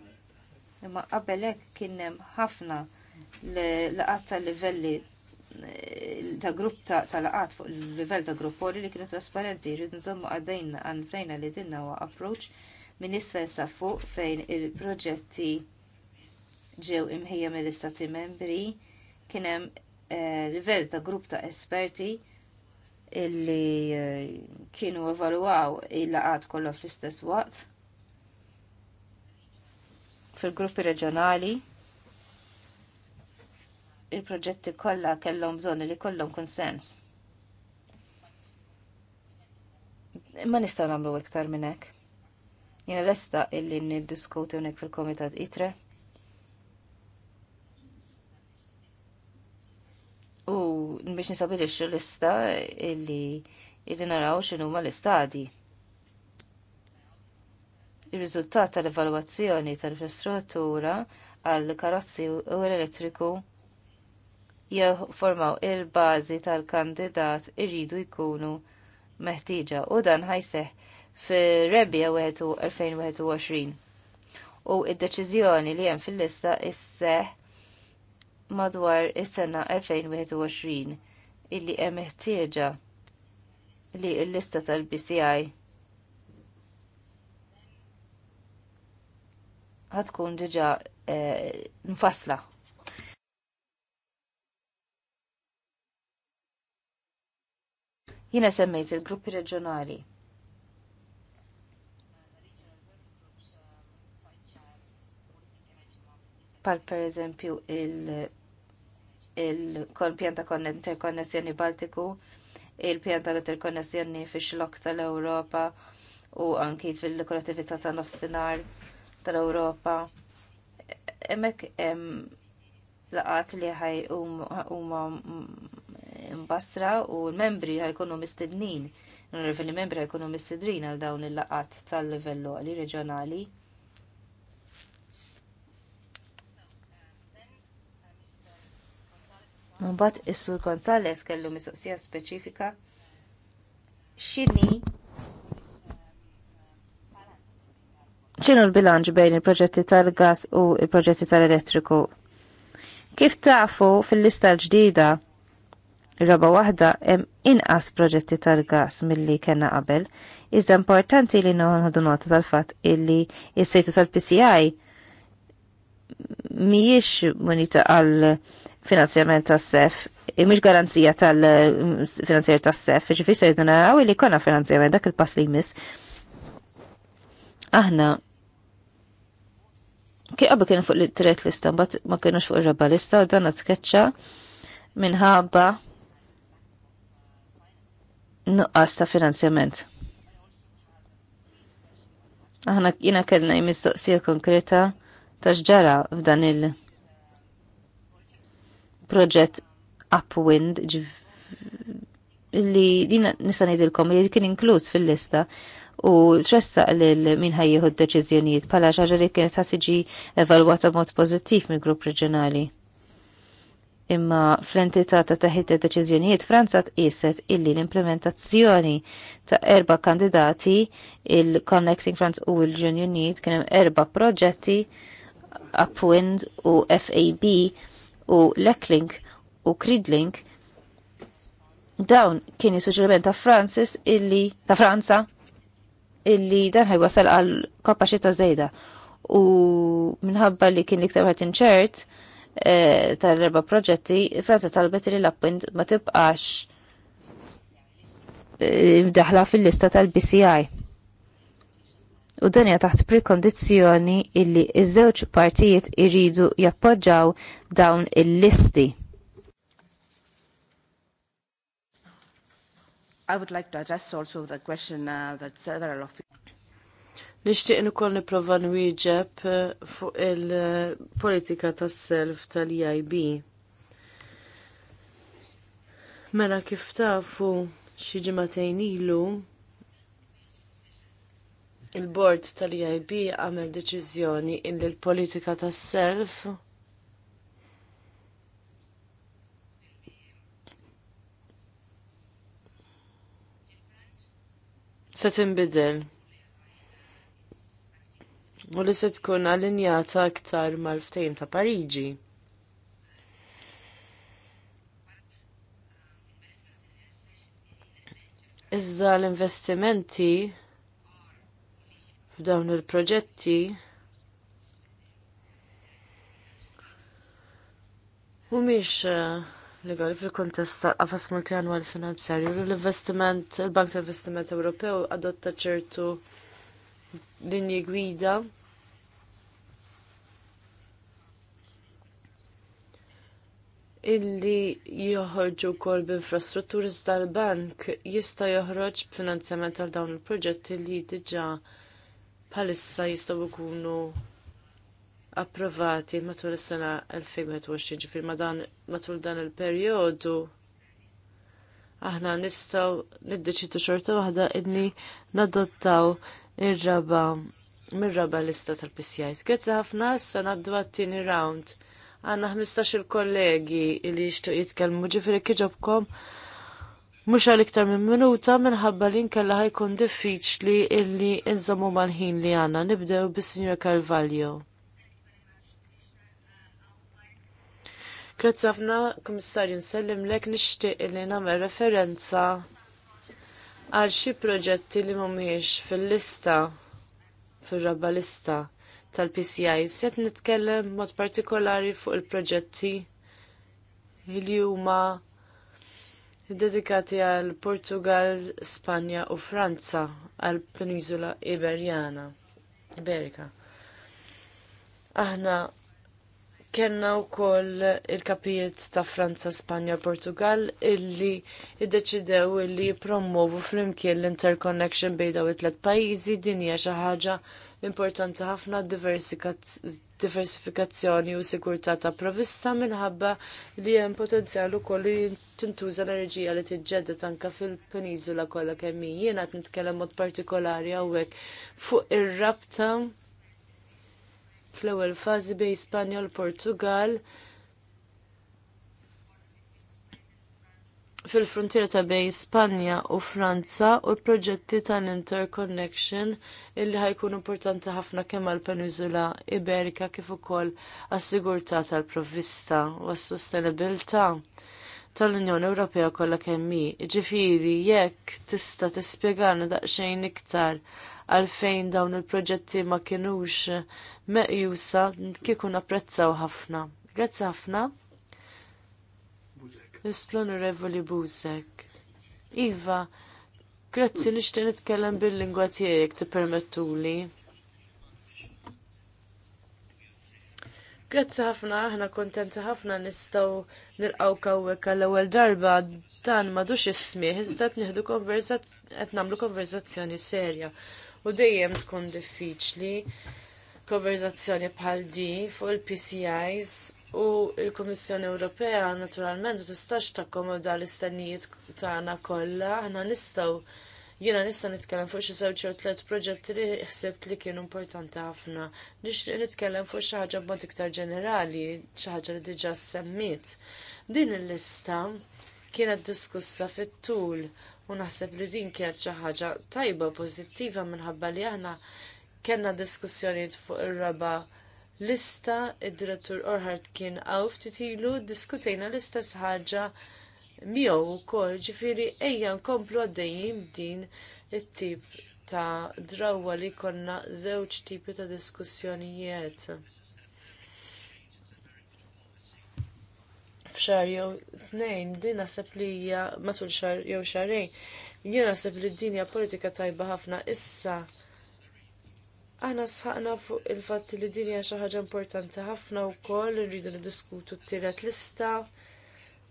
Imma qabel hekk kien hemm ħafna laqat tal-livelli eh, ta' grupp ta' laqat fuq il-livell ta' grupp li kienu trasparenti, rridu nżommu għaddejna għanfrejna li dinna huwa approach minn isfel sa fuq fejn il-proġetti ġew imħejja mill-istati membri kien hemm eh, livell ta' grupp ta' esperti illi eh, kienu evalwaw il-laqat kollha fl-istess waqt fil-gruppi reġjonali il-proġetti kollha kellhom bżonn li kollhom konsens. Ma nistgħu nagħmlu iktar minn hekk. Jena lesta illi niddiskuti unek fil-komitat itre. U biex nisabilixxu lista illi illi naraw xinu ma l-istadi. Ir-riżultat tal-evalwazzjoni tal-infrastruttura għal karozzi u l-elettriku jiformaw il-bażi tal-kandidat irridu jkunu meħtieġa u dan ħajseħ fir-rebbija 2021. U id-deċiżjoni li hemm fil-lista isseħ madwar is-sena 2021 illi hemm ħtieġa li l-lista tal-BCI ħatkun diġa eh, nfasla. Jina semmejt il-gruppi reġjonali. pal per eżempju il il ta' interkonnessjoni Baltiku, il pjanta ta' interkonnessjoni fi xlok tal-Europa u anki fil-kollettività ta' nofsinar tal-Europa. Emmek laqat li ħaj um-, huma mbasra u l-membri ħajkunu mistednin. l fil-membri ħajkunu mistednin għal dawn il-laqat tal-livellu għali reġjonali. Mbagħad is-Sur Gonzales kellu mistoqsija speċifika x'inhi ċinu l-bilanċ bejn il-proġetti tal-gas u il-proġetti tal-elettriku. Kif tafu fil-lista l-ġdida Raba waħda hemm inqas proġetti tal-gas milli kellna qabel, iżda importanti li noħdu nota tal-fatt illi s-sejtu tal-PCI mhijiex munita għal finanzjament tas sef mhux garanzija tal-finanzjer eh, tas sef ġifieri se naraw li konna finanzjament dak il-pass li jmiss. Aħna kien għabba kienu fuq l-tret lista, mbat ma kienux fuq ir lista u dan tkeċċa minħabba nuqqas ta' finanzjament. Aħna jiena kellna jmistoqsija konkreta ta' xġara f'dan il- proġett Upwind li dina nista' ngħidilkom li kien inkluż fil-lista u tressaq lil min ħajjiħu d-deċiżjonijiet bħala ħaġa li kienet ta' tiġi evalwata mod pożittiv mill-grupp reġjonali. Imma fl-entità ta' taħid deċiżjonijiet Franza tqiset illi l-implementazzjoni ta' erba' kandidati il-Connecting France u l-Union Unit kien hemm erba' proġetti Upwind u FAB u Lecklink u Cridlink dawn kien suġġeriment ta' Francis illi ta' Franza illi dan ħajwasal għal kapaċità żejda u minħabba li kien liktar ħadd inċert eh, tal-erba proġetti, Franza talbet li l-appunt ma tibqax eh, daħla fil-lista tal-BCI u danja taħt prekondizzjoni illi iż-żewġ partijiet iridu jappoġġaw dawn il-listi. I would like to address also the question uh, that several of Nishtiq nikoll niprofa nwieġeb uh, fuq il-politika tas-self tal-EIB. Mela kif tafu xi ġimagħtejn ilu il-bord tal-EIB għamel deċiżjoni in l-politika tas self se tinbidel u li se tkun allinjata aktar mal-ftejm ta' Pariġi. Iżda l-investimenti f'dawn il-proġetti miex eh, legali fil-kontest tal-qafas multianwal finanzjarju l-investiment, il-Bank tal Investiment Ewropew adotta ċertu linji gwida illi joħorġu kol b'infrastrutturi tal-bank jista' joħroġ b'finanzjament għal dawn il-proġetti li diġa' bħalissa jistgħu jkunu approvati matul is-sena 2020 ġifir matul dan il-perjodu aħna nistgħu niddeċitu xorta waħda inni nadottaw ir-raba mir-raba lista tal pci Grazzi ħafna issa naddu għat-tieni round. Għanna 15 il-kollegi li jishtu jitkellmu ġifir kieġobkom mhux għal iktar minn minuta minħabba li nkella ħajkun diffiċli illi inżammu mal-ħin li għandna. Nibdew bis signor Carvalho. Grazzi ħafna, Kummissarju, nsellim lek nixtieq illi nagħmel referenza għal xi proġetti li mhumiex fil-lista fir-raba lista fir rabba lista tal pci set nitkellem mod partikolari fuq il-proġetti li huma dedikati għal Portugal, Spanja u Franza għal Peninsula Iberjana. Iberika. Aħna kellna wkoll il-kapijiet ta' Franza, Spanja u Portugal illi iddeċidew illi jippromovu flimkien l-interconnection bejda u it let pajjiżi din hija xi ħaġa importanti ħafna diversi diversifikazzjoni u sigurtà ta' provista minħabba li hemm potenzjal ukoll li tintuża l-enerġija li tiġġedded anke fil-peniżola kollha kemm hi. Jien qed nitkellem mod partikolari hawnhekk fuq ir-rabta fl-ewwel fażi bejn Spanja u l Portugal fil-frontiera ta' bejn Spanja u Franza u l-proġetti tal-interconnection illi ħajkun importanti ħafna kemm għall peniżula Iberika kif ukoll għas-sigurtà tal-provvista u għas-sostenibilità tal-Unjoni Ewropea kollha kemm hi. Ġifieri jekk tista' tispjegana daqsxejn iktar għalfejn dawn il-proġetti ma kinux meqjusa kieku napprezzaw ħafna. Grazzi ħafna l-Onorevoli Busek. Iva, grazzi nixtieq nitkellem bil-lingwa tiegħek tippermettuli. Grazzi ħafna, aħna kontenti ħafna nistgħu nilqgħu kawwek għall-ewwel darba dan m'għadux ismih iżda qed nieħdu qed nagħmlu konverzazzjoni serja u dejjem tkun diffiċli konverzazzjoni bħal di fuq il-PCIs U il-Komissjoni Ewropea naturalment ma tistax takkomoda l-istennijiet tagħna kollha, aħna nistgħu jiena nista' nitkellem fuq xi żewġ jew tliet proġetti li ħsibt li kienu importanti ħafna. Nixtieq nitkellem fuq xi ħaġa b'mod iktar ġenerali, xi ħaġa li diġà semmiet. Din il-lista kienet diskussa fit-tul u naħseb li din kienet xi ħaġa tajba pożittiva minħabba li aħna kellna diskussjonijiet fuq ir-raba lista id-direttur Orħart kien għaw ftitilu diskutejna l-istess ħaġa miegħu wkoll ġifieri ejja nkomplu għaddejjin b'din it-tip ta' drawwa li konna żewġ tipi ta' diskussjonijiet. F'xar jew tnejn din naħseb li hija matul xar jew xarejn jien naħseb li d-dinja politika tajba ħafna issa Aħna sħaqna fuq il-fatt li din hija xi ħaġa importanti ħafna wkoll irridu niddiskutu t-tielet lista.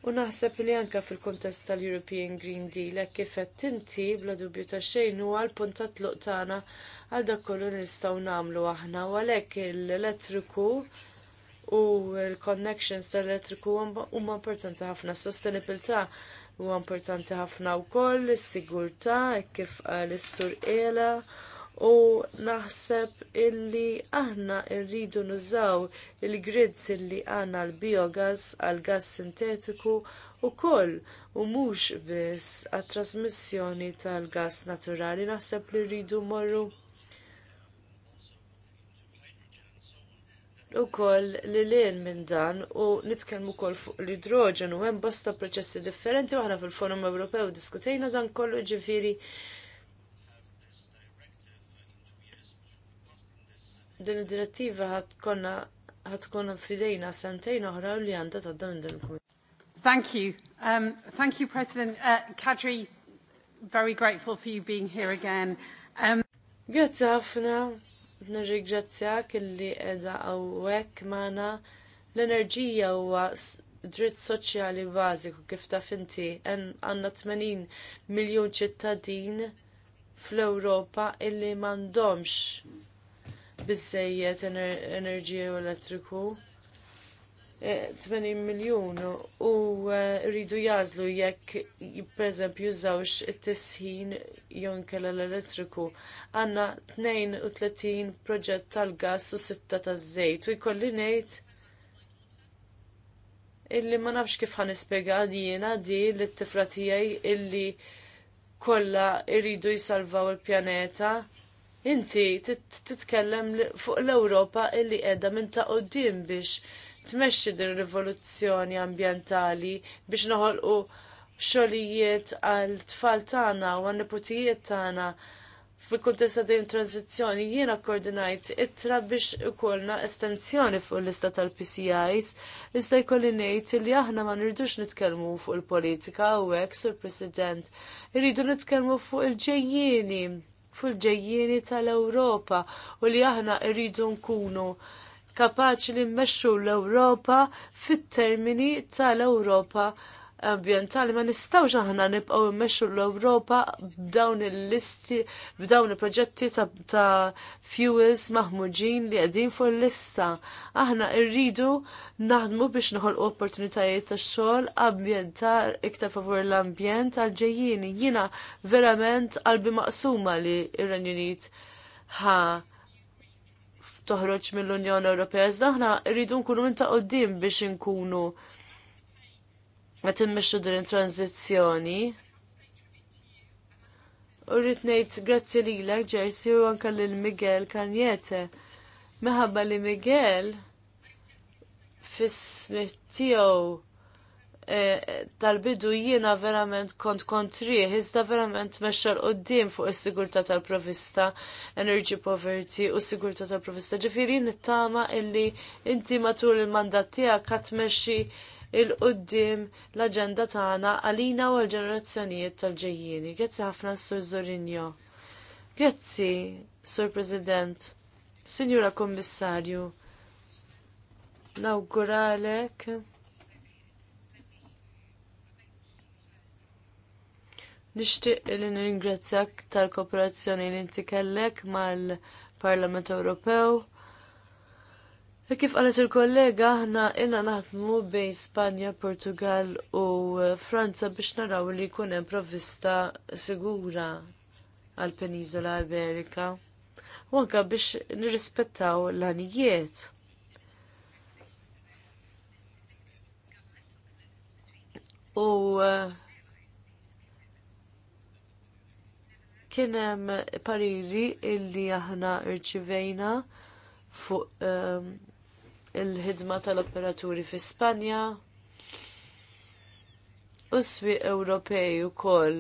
U naħseb li anke fil-kontest tal-European Green Deal, hekk kif qed inti bla dubju ta' xejn huwa l punt ta' tluq tagħna għal dak kollu nistgħu nagħmlu aħna u għalhekk l-elettriku u l-connections tal-elettriku huma importanti ħafna, s-sostenibilità huwa importanti ħafna wkoll, is-sigurtà, kif qal is-sur Ela u naħseb illi aħna rridu nużaw il-grids illi għanna l-biogas għal gas sintetiku u koll u mux biss għat-trasmissjoni tal-gas naturali naħseb li rridu morru u koll li l-in minn dan u nitkelmu koll fuq l-idroġen u hemm bosta proċessi differenti aħna fil-Forum Ewropew diskutejna dan kollu ġifiri din id-direttiva ħatkun fidejna sentejn oħra li għandha tadda minn din il Thank you. Um, thank you, President. Uh, Kadri, very grateful for you being here again. Um... Grazie ħafna, nerġik grazzjak illi edha għawek maħna l-enerġija huwa dritt soċjali bażiku kif taf inti għandna 80 miljun ċittadin fl-Ewropa illi m'għandhomx bizzejiet enerġija elettriku. 80 e, miljon u e, rridu jazlu jekk pereżempju jużawx it-tisħin jonkel l-elettriku. Għanna 32 proġett tal-gas u 6 taż-żejt u jkolli ngħid illi ma nafx kif ħan ispjega jiena di l-tifla tiegħi illi kollha jridu jsalvaw il-pjaneta inti titkellem fuq l-Ewropa illi qiegħda minn ta' qudiem biex tmexxi din rivoluzzjoni ambjentali biex noħolqu xogħlijiet għal tfal tagħna u għan niputijiet tagħna fil-kuntest ta' din transizzjoni jiena koordinajt ittra biex ikollna estensjoni fuq l-lista tal-PCIs, iżda jkolli ngħid li aħna ma nirdux nitkellmu fuq il-politika u hekk sur President, irridu nitkellmu fuq il-ġejjieni fil-ġejjieni tal-Ewropa u li aħna rridu nkunu kapaċi li mmexxu l-Ewropa fit-termini tal-Ewropa ambientali ma nistaw aħna nibqgħu immexxu l-Ewropa b'dawn il-listi b'dawn il-proġetti ta', ta fuels maħmuġin li qegħdin fuq il-lista. Aħna rridu naħdmu biex noħolqu opportunitajiet ta' xogħol ambjentar iktar favur l-ambjent għal ġejjini. Jiena verament qalbi maqsuma li ir-Renju Unit ħa toħroġ mill-Unjoni Ewropea. Iżda aħna rridu nkunu minn ta' biex nkunu ma immexxu din it-tranzizzjoni. U rrit ngħid grazzi lilek Jersey u anke lil Miguel Kanjete. Meħabba li Miguel fis-smith tiegħu e, tal-bidu jiena verament kont kontrih, iżda verament meċċal qoddim fuq is-sigurtà tal-provista, energy poverty u s-sigurtà tal-provista. Ġifieri nittama illi inti matul il-mandat tiegħek kat meċi il-qoddim l-agenda tagħna għalina u l-ġenerazzjonijiet tal-ġejjieni. Grazzi ħafna Sur Zorinjo. Grazzi, Sur President, Sinjura Kommissarju, nawguralek. Nixtieq li ningrazzjak tal-kooperazzjoni li inti kellek mal-Parlament Ewropew Kif għalet il-kollega, ħna inna naħdmu bej Spanja, Portugal u eh, Franza biex naraw li kunem provvista sigura għal peniżola Iberika. U anka biex nirrispettaw l-anijiet. U eh, kienem pariri illi aħna irċivejna fuq eh, il-ħidma tal-operaturi fi Spanja u swi Ewropej u koll.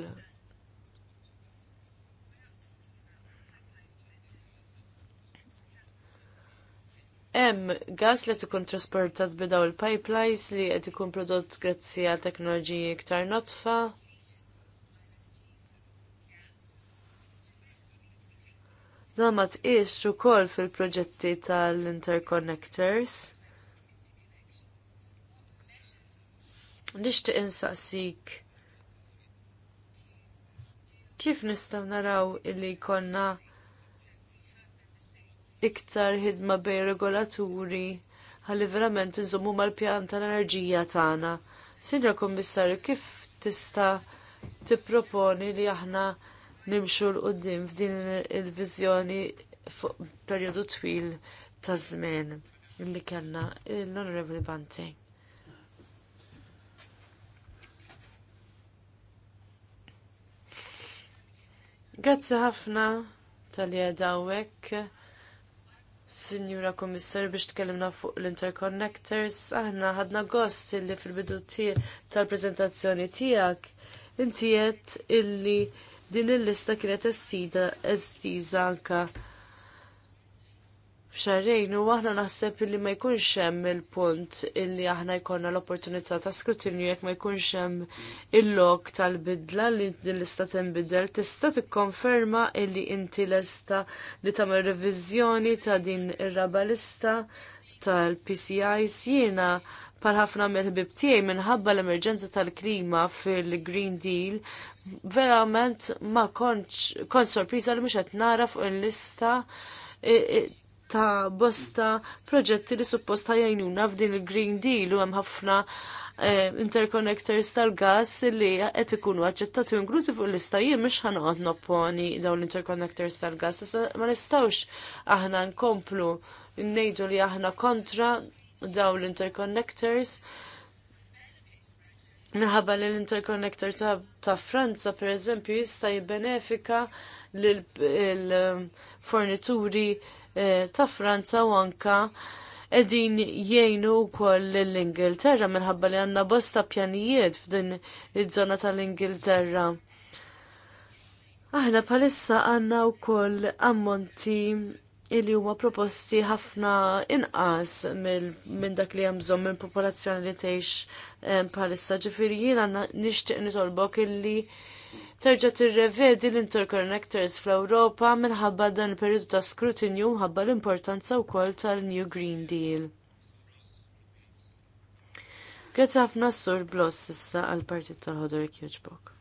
Hemm gas li tkun trasportat bidaw il-pipelines li qed ikun prodott grazzi għal teknoloġiji iktar notfa' Dan ma tqis ukoll fil-proġetti tal-interconnectors. Nixtieq insaqsik kif nistgħu naraw illi jkollna iktar ħidma bej regolaturi ħalli verament nżommu mal-pjan tal-enerġija tagħna. Sinra Kommissarju, kif tista' tipproponi li aħna nimxu l-qoddim f'din il-vizjoni fuq periodu twil ta' żmien li kellna l-Onorevoli Banti. Grazzi ħafna tal dawek. Signora Komissar biex tkellimna fuq l-interconnectors, aħna ħadna gost illi fil-bidu tal-prezentazzjoni tijak inti illi Din il-lista kienet estida estiża anka f'xarrejn u aħna naħseb li ma jkunx hemm il-punt illi aħna jkollna l-opportunità ta' skrutinju jekk ma jkunx hemm il-lok tal-bidla li din lista tinbidel tista' tikkonferma illi inti lesta li tagħmel reviżjoni ta' din ir-raba lista tal-PCIs jiena pal ħafna mill-ħbib tiegħi minħabba l-emerġenza tal-klima fil-Green Deal, verament ma konċ kont sorpriża li mhux qed nara fuq il-lista ta' bosta proġetti li supposta jajnuna f'din il-Green Deal u hemm ħafna e, interconnectors tal-gas li qed ikunu aċċettati inklużi fuq l-lista jien mhux ħanoqgħod nopponi dawn l-interconnectors tal-gas, ma nistgħux aħna nkomplu ngħidu li aħna kontra daw l-interconnectors. Minħabba li l-interconnector ta' Franza, per eżempju, jista' jibbenefika l-fornituri um, eh, ta' Franza u anka edin jgħinu wkoll l-Ingilterra minħabba li għandna bosta pjanijiet f'din iż-żona tal-Ingilterra. Aħna palissa għandna wkoll ammonti illi huma proposti ħafna inqas minn dak li hemm bżonn minn popolazzjoni li tgħix eh, bħalissa. Ġifieri jiena nixtieq nitolbok illi terġa' tirrevedi l-interconnectors fl-Ewropa minħabba dan il-perjodu ta' skrutinju minħabba l-importanza wkoll tal-New Green Deal. Grazzi ħafna Sur Bloss issa għall partit tal-Ħodor Kjoġbok.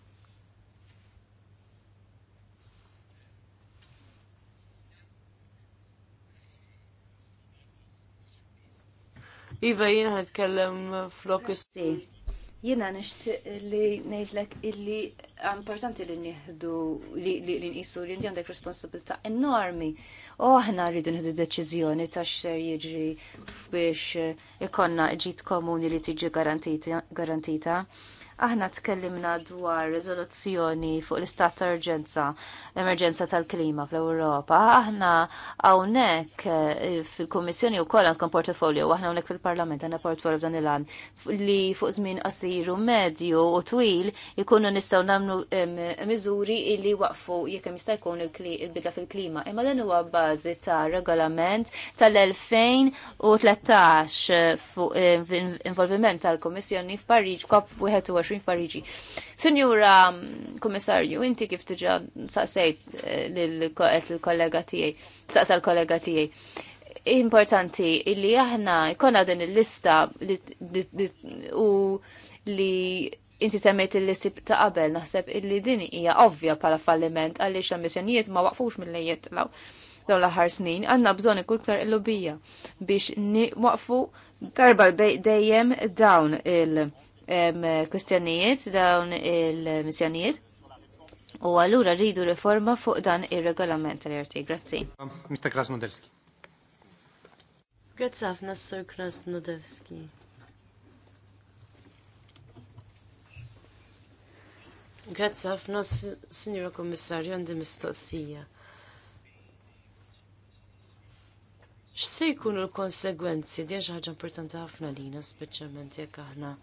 Iva jina nitkellem flok Jina nisht li ngħidlek illi importanti li nieħdu li nqisu li inti għandek responsabilità enormi. U aħna rridu nieħdu deċiżjoni ta' xer jiġri biex ikonna ġit komuni li tiġi garantita. Aħna tkellimna dwar rezoluzzjoni fuq l-istat ta' urġenza, l-emerġenza tal-klima fl-Ewropa. Aħna hawnhekk eh, fil-Kummissjoni wkoll għandkom portfolio, aħna hawnhekk fil-Parlament għandna portfolio f'dan il-għan li fuq żmien qasiru medju u twil ikunu nistgħu nagħmlu miżuri li waqfu jekk hemm jista' jkun il-bidla fil-klima. Imma dan huwa bażi ta' regolament tal-2013 fuq eh, involviment tal-Kummissjoni f'Pariġ COP21 f'Pariġi. Sinjura mm, Kummissarju, inti kif tiġa saqsejt eh, l kollega tiegħi, saqsa l-kollega tiegħi importanti illi aħna jkollna din il-lista u li inti semmejt il listi ta' qabel naħseb illi din hija ovvja pala falliment għaliex l-missjonijiet ma waqfux mill-lejiet law l-aħħar snin għandna bżonn ikkur ktar il-lobija biex waqfu darba dejjem dawn il- kwistjonijiet dawn il-missjonijiet. U allura rridu riforma fuq dan ir-regolament tal-RT. Grazzi. Mr. Krasnodewski. Grazzi ħafna Sir Krasnodewski. Grazzi ħafna Signora Kommissarju għandi mistoqsija. X'se jkunu l-konsegwenzi di ħaġa importanti ħafna lina speċjalment jekk aħna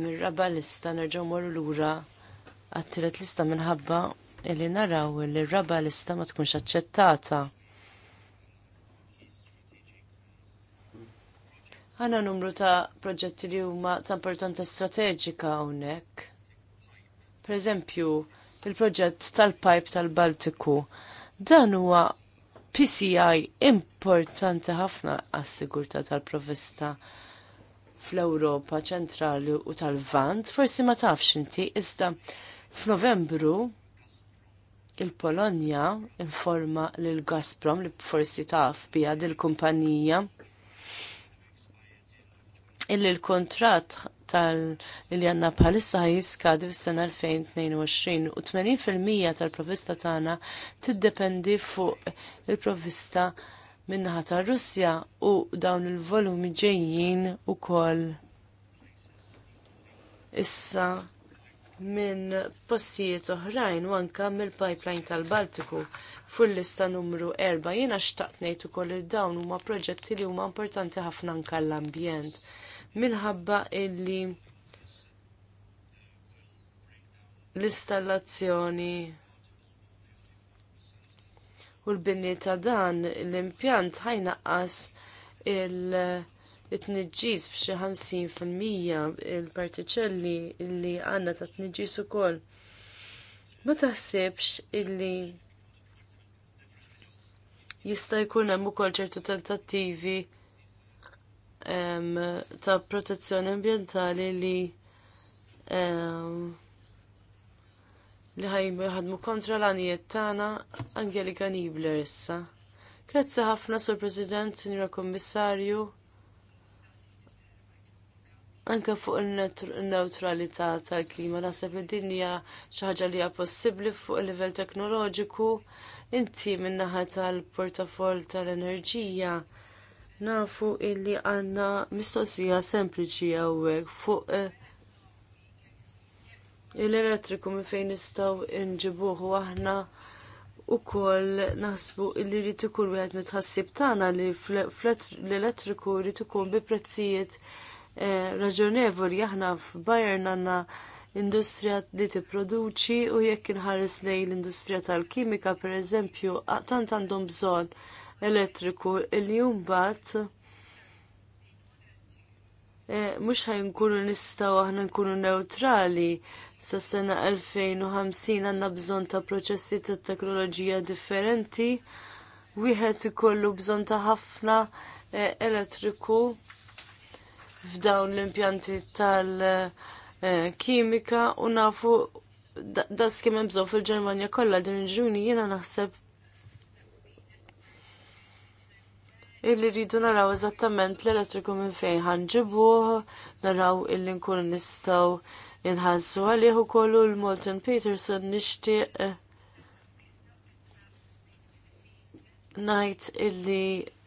mir-raba lista nerġgħu morru lura għat-tielet lista minħabba li naraw li r-raba lista ma tkunx aċċettata. Għana numru ta' proġetti li huma ta' importanza strateġika hawnhekk. Per eżempju, il-proġett tal-pipe tal-Baltiku. Dan huwa PCI importanti ħafna għas-sigurtà tal-provista fl-Ewropa ċentrali u tal-Vant, forsi ma tafx inti, iżda f'Novembru il-Polonja informa lil Gazprom li forsi taf bija dil-kumpanija illi l-kontrat tal-li għanna bħalissa jiskadi fis-sena 2022 u 80% tal-provista tagħna tiddependi fuq il-provista il il provista minnaħa ta' Russja u dawn il-volumi ġejjin ukoll issa minn postijiet oħrajn u anke mill-pipeline tal-Baltiku l lista numru 4 jiena xtaqt ngħid ukoll li dawn huma proġetti li huma importanti ħafna anke l-ambjent minħabba illi l-installazzjoni u l-binni ta' dan l-impjant ħajnaqqas il- it-nġis b'xi 50% il-partiċelli li għandna ta' t ukoll. Ma taħsibx illi jista' jkun hemm ukoll ċertu tentattivi ta' protezzjoni ambjentali li um, li ħadmu kontra l-għanijiet tagħna Angelika Nibler issa. Grazzi ħafna sur President, Sinjura Kommissarju. Anke fuq il-neutralità tal-klima naħseb li din hija xi ħaġa li hija possibbli fuq il-livell teknoloġiku inti min-naħa tal-portafol tal-enerġija nafu illi għandna mistoqsija sempliċi hawnhekk fuq eh, l-elettriku minn fejn nistgħu inġibuhu aħna ukoll naħsbu li rrid ikun wieħed mitħassib tagħna li l-elettriku rrid ikun bi prezzijiet eh, raġonevoli aħna f'Bajern għandna industrija li tipproduċi u jekk inħares lejn l-industrija tal-kimika pereżempju tant għandhom bżonn elettriku li mbagħad eh, mhux ħajnkunu nistgħu aħna nkunu neutrali sas-sena 2050 għandna bżonn ta' proċessi ta' teknoloġija differenti. Wieħed ikollu bżonn ta' ħafna eh, elettriku f'dawn l-impjanti tal-kimika eh, u nafu da' skim hemm bżonn fil-Ġermanja kollha din il-ġuni jiena naħseb illi rridu naraw eżattament l-elettriku minn fejn ħanġibuh, naraw illi nkunu nistgħu inħassu għalih ukoll l-Molten Peterson nixtieq eh, ngħid illi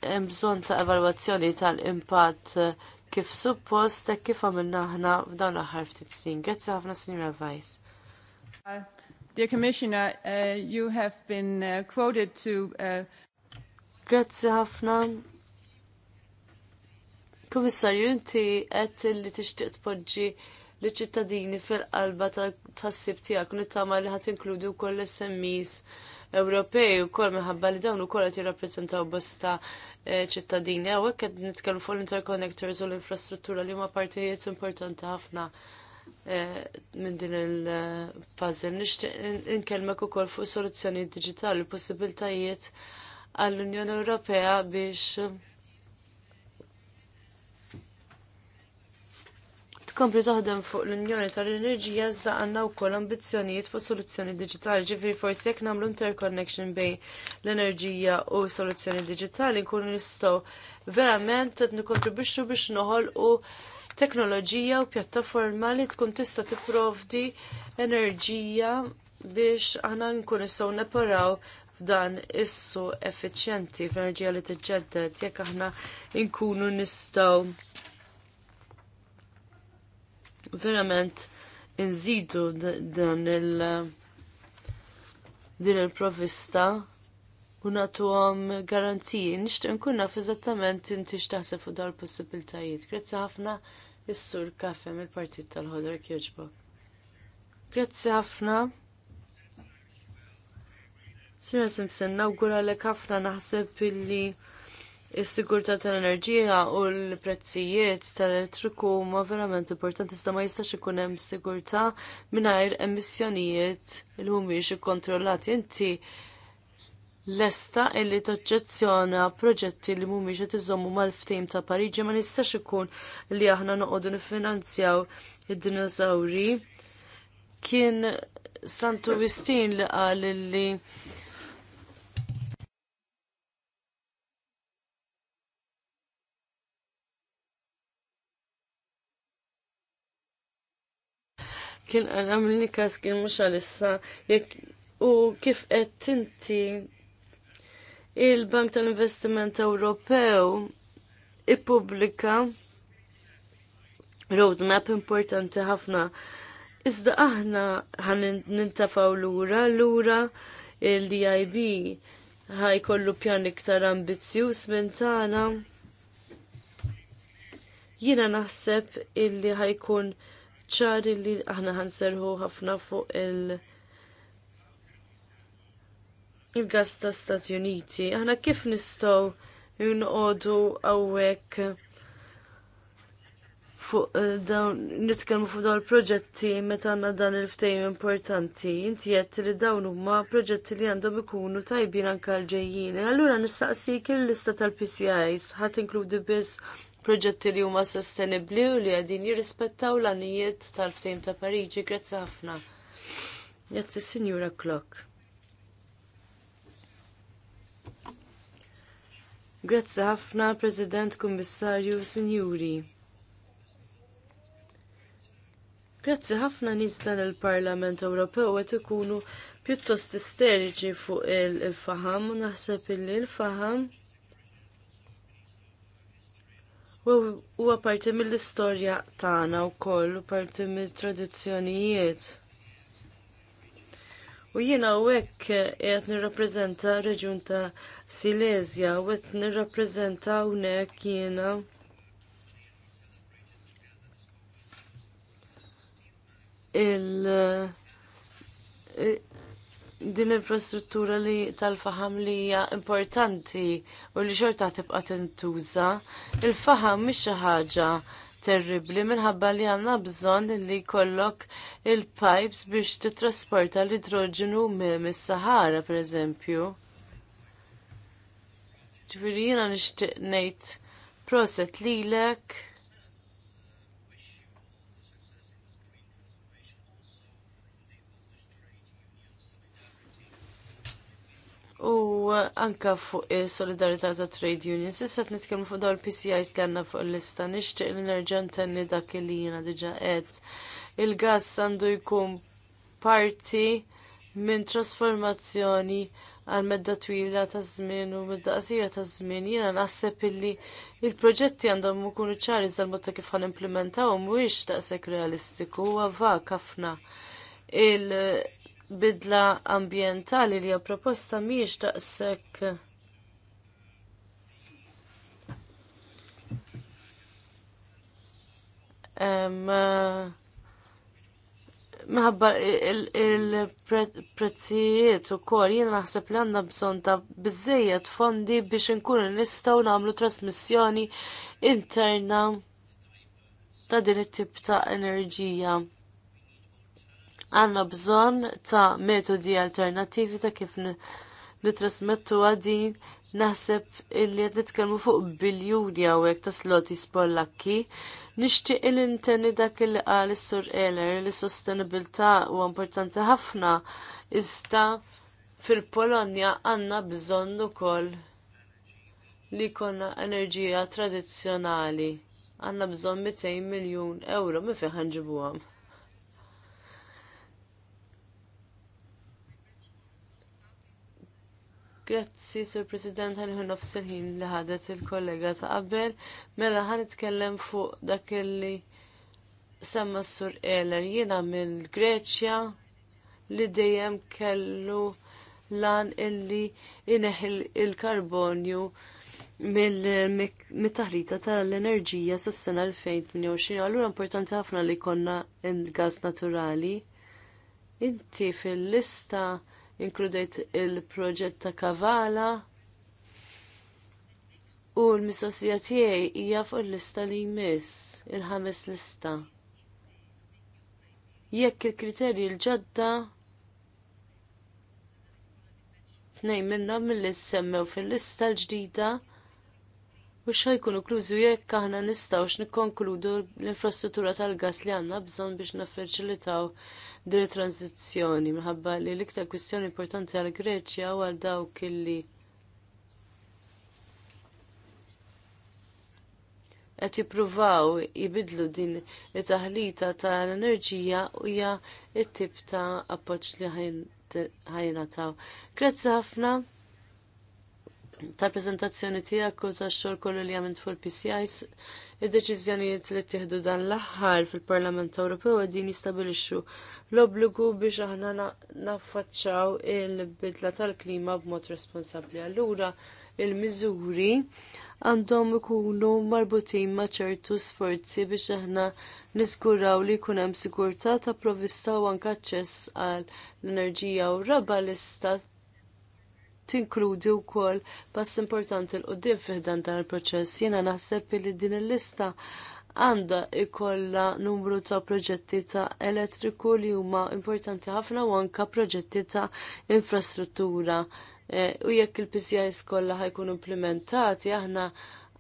hemm bżonn ta' evalwazzjoni tal-impatt eh, kif suppost ta' e kif għamilna aħna f'dawn l-aħħar ftit snin. Grazzi ħafna Signora Vajs. Uh, dear Commissioner, uh, you have been uh, quoted to uh... Grazzi ħafna. Kummissarju, inti għet li tixtieq tpoġġi li ċittadini fil-qalba tas-sib tiegħek nittama li ħadd inkludi wkoll SMEs Ewropej ukoll minħabba li dawn ukoll qed jirrappreżentaw bosta eh, ċittadini hawnhekk qed nitkellmu fuq l-interconnectors u l-infrastruttura li huma partijiet importanti ħafna eh, minn din il-puzzle. Nixtieq inkellmek ukoll fuq soluzzjoni digitali, possibiltajiet għall-Unjoni Ewropea biex tkompli toħdem fuq l-Unjoni tal-Enerġija iżda għandna wkoll ambizzjonijiet fuq soluzzjoni diġitali, ġifieri forsi jekk nagħmlu interconnection bejn l-enerġija u soluzzjoni diġitali nkunu nistgħu verament qed nikkontribwixxu biex noħolqu teknoloġija u pjattaforma li tkun tista' tipprovdi enerġija biex aħna nkun nistgħu neparaw f'dan issu effiċjenti f'enerġija li tiġġedded jekk aħna nkunu nistgħu verament inżidu dan il- din il-provista u natu għam garanziji. Nishtu nkunna f'eżattament inti xtaħseb fuq dawn il-possibiltajiet. Grazzi ħafna is-sur kafem il-partit tal-ħodor kjoġbok. Grazzi ħafna. Sina Simpson, nawgura l ħafna naħseb illi Is-sigurtà tal-enerġija u l-prezzijiet tal-elettriku huma verament importanti iżda ma jistax ikun hemm sigurtà mingħajr emissjonijiet li mhumiex ikkontrollati. Inti lesta illi toġġezzjona proġetti li mhumiex qed iżommu mal-ftehim ta' Pariġi ma nistax ikun li aħna noqogħdu niffinanzjaw id-dinosawri. Kien Santu Wistin li qal li kien għamilni kas kien lissa, għalissa u kif qed tinti il-Bank tal-Investiment Ewropew ippubblika roadmap importanti ħafna. Iżda aħna ħan nintafaw lura, ura l-DIB ħajkollu pjan iktar ambizzjuż minn tagħna. Jiena naħseb illi ħajkun ċari li aħna ħanserħu ħafna fuq il- il-gas ta' Stati Uniti. Aħna kif nistgħu nqogħdu hawnhekk fuq eh, dawn nitkellmu fuq dawn il-proġetti meta għandna dan il-ftehim importanti, inti qed li dawn huma proġetti li għandhom ikunu tajbin anke l-ġejjin. Allura nistaqsik il-lista tal-PCIs ħadd inkludi biss proġetti li huma sostenibbli u li għadin jirrispettaw l-għanijiet tal-ftejm ta' Pariġi. Grazzi ħafna. Grazzi Sinjura Klok. Grazzi ħafna, President, Kummissarju, Sinjuri. Grazzi ħafna nis dan il-Parlament Ewropew qed ikunu pjuttost isteriċi fuq il-faham, naħseb illi il-faham il faham U parti mill-istorja tagħna wkoll u parti mill-tradizzjonijiet. U jiena hawnhekk qed nirrappreżenta reġjun ta' Silesia u qed nirrappreżenta hawnhekk jiena. il din l-infrastruttura li tal-faham li hija importanti u li xorta tibqa' tintuża. Il-faham mhix xi ħaġa terribli minħabba li għandna bżonn li jkollok il-pipes biex titrasporta l-idroġenu minn is-Sahara pereżempju. Ġifieri jiena nixtieq ngħid proset lilek. U anka fuq il-solidarità ta' trade unions, issa nitkellmu fuq dawn il-PCIs li għanna fuq il-lista, nixtieq l nerġa' ntenni dak li jiena diġà qed. Il-gas għandu jkun parti minn trasformazzjoni għal medda twila ta' żmien u medda qasira ta' żmien jiena naħseb illi il-proġetti għandhom ikunu ċari iżda l-mod kif ħanimplementaw mhuwiex daqshekk realistiku huwa vak ħafna bidla ambjentali li hija proposta mhijiex daqshekk Maħabba il-prezzijiet u kol jien naħseb li għanna bżon ta' bizzejiet fondi biex nkunu nistaw namlu trasmissjoni interna ta' din it-tip ta' enerġija. Għanna bżon ta' metodi alternativi ta' kif nitrasmettu għadin naħseb illi għed nitkellmu fuq biljuni għawek ta' sloti spollakki. Nishtiq il-inteni dak il qal is-sur Eller li sostenibilità u importanti ħafna iżda fil-Polonja għanna bżonn ukoll li konna enerġija tradizzjonali. Għanna bżonn 200 miljun euro mi fiħan ġibuhom. Grazzi, Sur President, għal hun ħin li ħadet il-kollega ta' qabel. Mela, ħan itkellem fuq dak li semma Sur Eller, jiena mill Greċja li dejjem kellu lan illi ineħil il-karbonju mill-taħrita tal-enerġija sas sena 2028. Allura importanti ħafna li konna il-gas naturali. Inti fil-lista inkludejt il-proġett ta' Kavala u l-mistoqsija tiegħi hija fuq il-lista li jmiss, il-ħames lista. Jekk il-kriterji l-ġodda tnejn minnhom milli semmew fil-lista l-ġdida u jkunu kluzu jekk aħna nistgħux nikkonkludu l-infrastruttura tal-gas li għandna bżonn biex nafferċilitaw din it-tranzizzjoni minħabba li l-iktar kwistjoni importanti għal Greċja u għal dawk li qed jippruvaw jibidlu din it-taħlita tal-enerġija hija t-tip ta' appoġġ li ħajnataw. Grazzi ħafna tal-preżentazzjoni tiegħek u tax-xogħol kollu li għamilt fuq il-PCIs. Id-deċiżjonijiet li ttieħdu dan l-aħħar fil-Parlament Ewropew din jistabilixxu l-obbligu biex aħna naffaċċaw il-bidla tal-klima b'mod responsabbli. Allura il-miżuri għandhom ikunu marbutin ma' ċertu sforzi biex aħna niskuraw li jkun hemm sigurtà ta' provvista u anke aċċess għall enerġija u raba l-istat tinkludi wkoll pass importanti l-qudiem fiħdan dan il-proċess. Jiena naħseb li din il-lista għandha ikolla numru ta' proġetti ta' elettriku li huma importanti ħafna u anka proġetti ta' infrastruttura. E, u jekk il-PCIs kollha ħajkun implementati aħna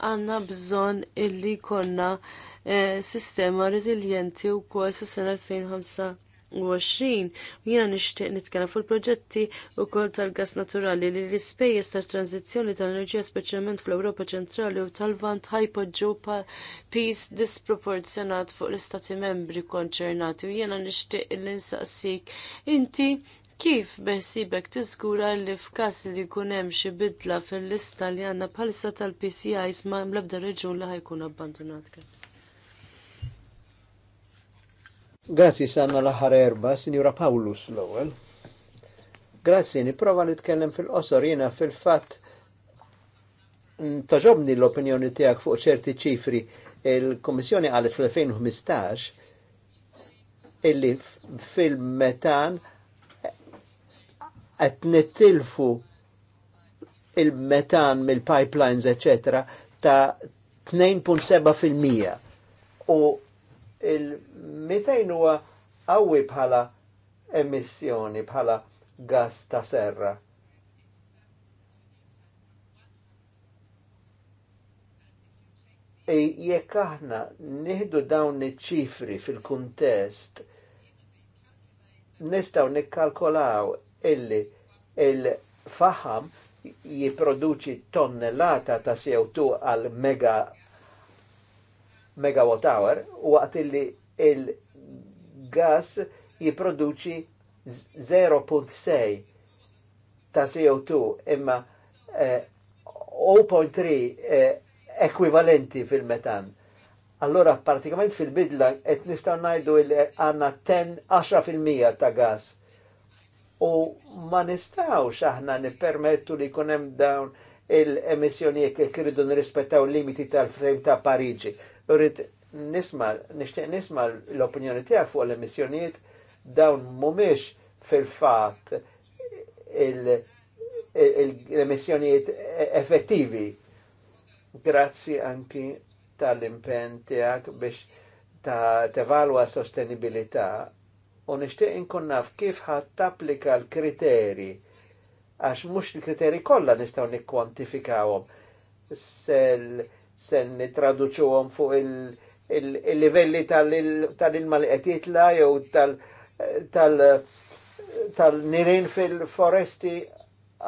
għandna bżonn illi konna e, sistema reżiljenti wkoll sas-sena 2005 2020 jiena nixtieq nitkellem fuq il-proġetti wkoll tal-gas naturali li l-ispejjeż tal tranzizzjoni tal-enerġija speċjalment fl-Ewropa ċentrali u tal-Vant ħajpoġġu peace disproporzjonat fuq l-Istati membri konċernati u jiena nixtieq li nsaqsik inti kif beħsibek tiżgura li f'każ li jkun hemm xi bidla fil-lista li għandna bħalissa tal-PCIs ma' mlebda reġun li ħajkun abbandonat. Grazie. Grazzi sanna l-aħħar erba, Sinjura Paulus l-ewwel. Grazzi, nipprova nitkellem fil-qosor jiena fil-fatt taġobni l-opinjoni tiegħek fuq ċerti ċifri. il kummissjoni qalet fl-2015 illi fil-metan qed nittilfu il-metan mill-pipelines, eccetera, ta' 2.7 fil-mija. U il-200 huwa qawwi bħala emissjoni, bħala gas ta' serra. E jekk aħna nieħdu dawn iċ-ċifri fil-kuntest, nistgħu nikkalkolaw illi il-faħam jipproduċi tonnellata ta' CO2 għal mega megawatt hour waqt illi il-gas jiproduċi 0.6 ta' CO2 imma eh, 0.3 eh, fil-metan. Allora, pratikament fil-bidla, et nistaw najdu il għanna 10-10% ta' gas. U ma nistaw xaħna nipermettu li kunem dawn il-emissjonijiet kif iridu nirrispettaw il limiti tal-frame ta' Pariġi rrit nisma, nixtieq nisma l-opinjoni tiegħek fuq l-emissjonijiet dawn mhumiex fil-fatt l-emissjonijiet effettivi. Grazzi anki tal-impen tijak biex ta' tevalwa sostenibilità u nixtieq inkun naf kif ħadd tapplika l-kriteri għax mux l kriteri kollha nistgħu nikkwantifikawhom. Sel sen nitraduċuhom fuq il-livelli tal tal-il-malqetiet qed jew tal-nirin fil-foresti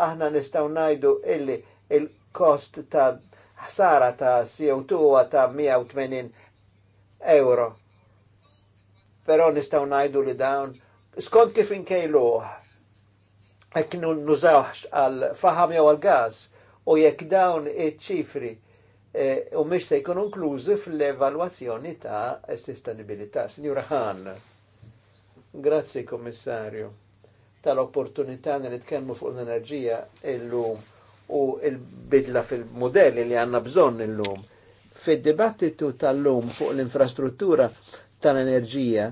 aħna nistgħu ngħidu illi il-kost ta' ħsara ta' CO2 ta' 180 euro. Però nistgħu ngħidu li dawn skont kif inkejluh ekk nużawx għal faham jew għal gas u jekk dawn iċ-ċifri Eh, u mhix se jkun inklużi fl-evalwazzjoni ta' sostenibilità. Signora Hahn, grazzi Kommissarju tal-opportunità li nitkellmu fuq l-enerġija illum u il-bidla fil-modelli li għanna bżonn illum. Fid-dibattitu tal-lum fuq l-infrastruttura tal-enerġija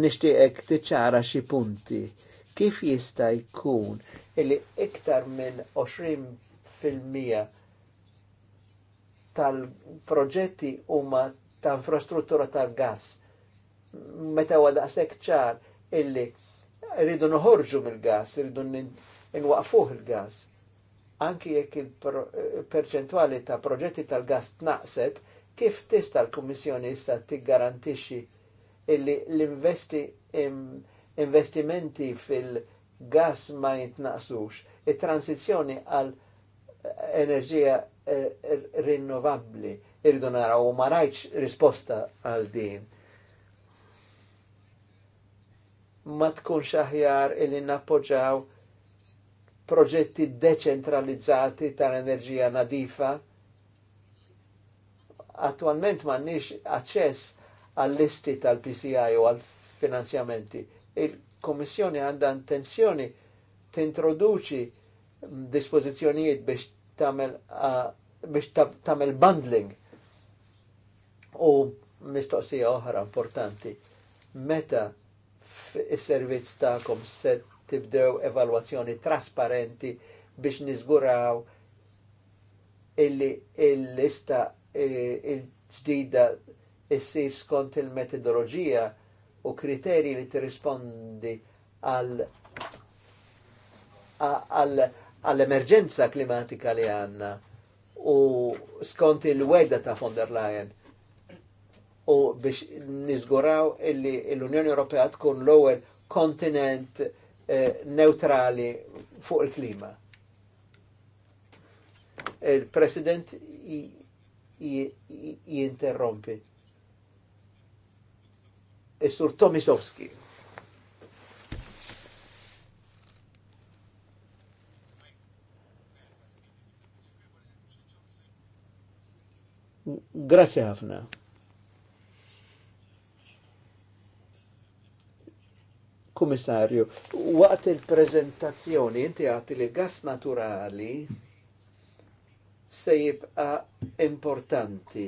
nishtiqek tiċara xi punti. Kif jista' jkun illi iktar minn 20 fil-mija tal-proġetti huma ta' infrastruttura tal-gas. Meta għada daqshekk ċar illi rridu noħorġu mill-gas, rridu nwaqfuh il-gas. Anki jekk il-perċentwali ta' proġetti tal-gas tnaqset, kif tista' l-Kummissjoni issa tiggarantixxi illi l-investi investimenti fil-gas ma jitnaqsux, it-transizjoni għal enerġija eh, rinnovabbli. Irridu naraw u marajċ risposta għal din. Ma tkunx aħjar illi nappoġġaw proġetti deċentralizzati tal-enerġija nadifa. Attualment nix aċċess għall-listi tal-PCI u għall-finanzjamenti. il komissjoni għandha intenzjoni t-introduċi dispożizzjonijiet biex tagħmel biex tamel bundling. U mistoqsija oħra importanti. Meta f servizz tagħkom se tibdew evalwazzjoni trasparenti biex niżguraw illi il-lista e, il-ġdida issir skont il-metodoloġija u kriterji li tirrispondi rispondi għal għall-emerġenza klimatika li għanna u skont il-weda ta' von der Leyen u biex nizguraw illi l-Unjoni Ewropea tkun l-ewwel kontinent eh, neutrali fuq il-klima. Il-President jinterrompi. Is-Sur Tomisowski. Grazie ħafna. Kummissarju, waqt il-prezentazzjoni inti għati li gas naturali se jibqa importanti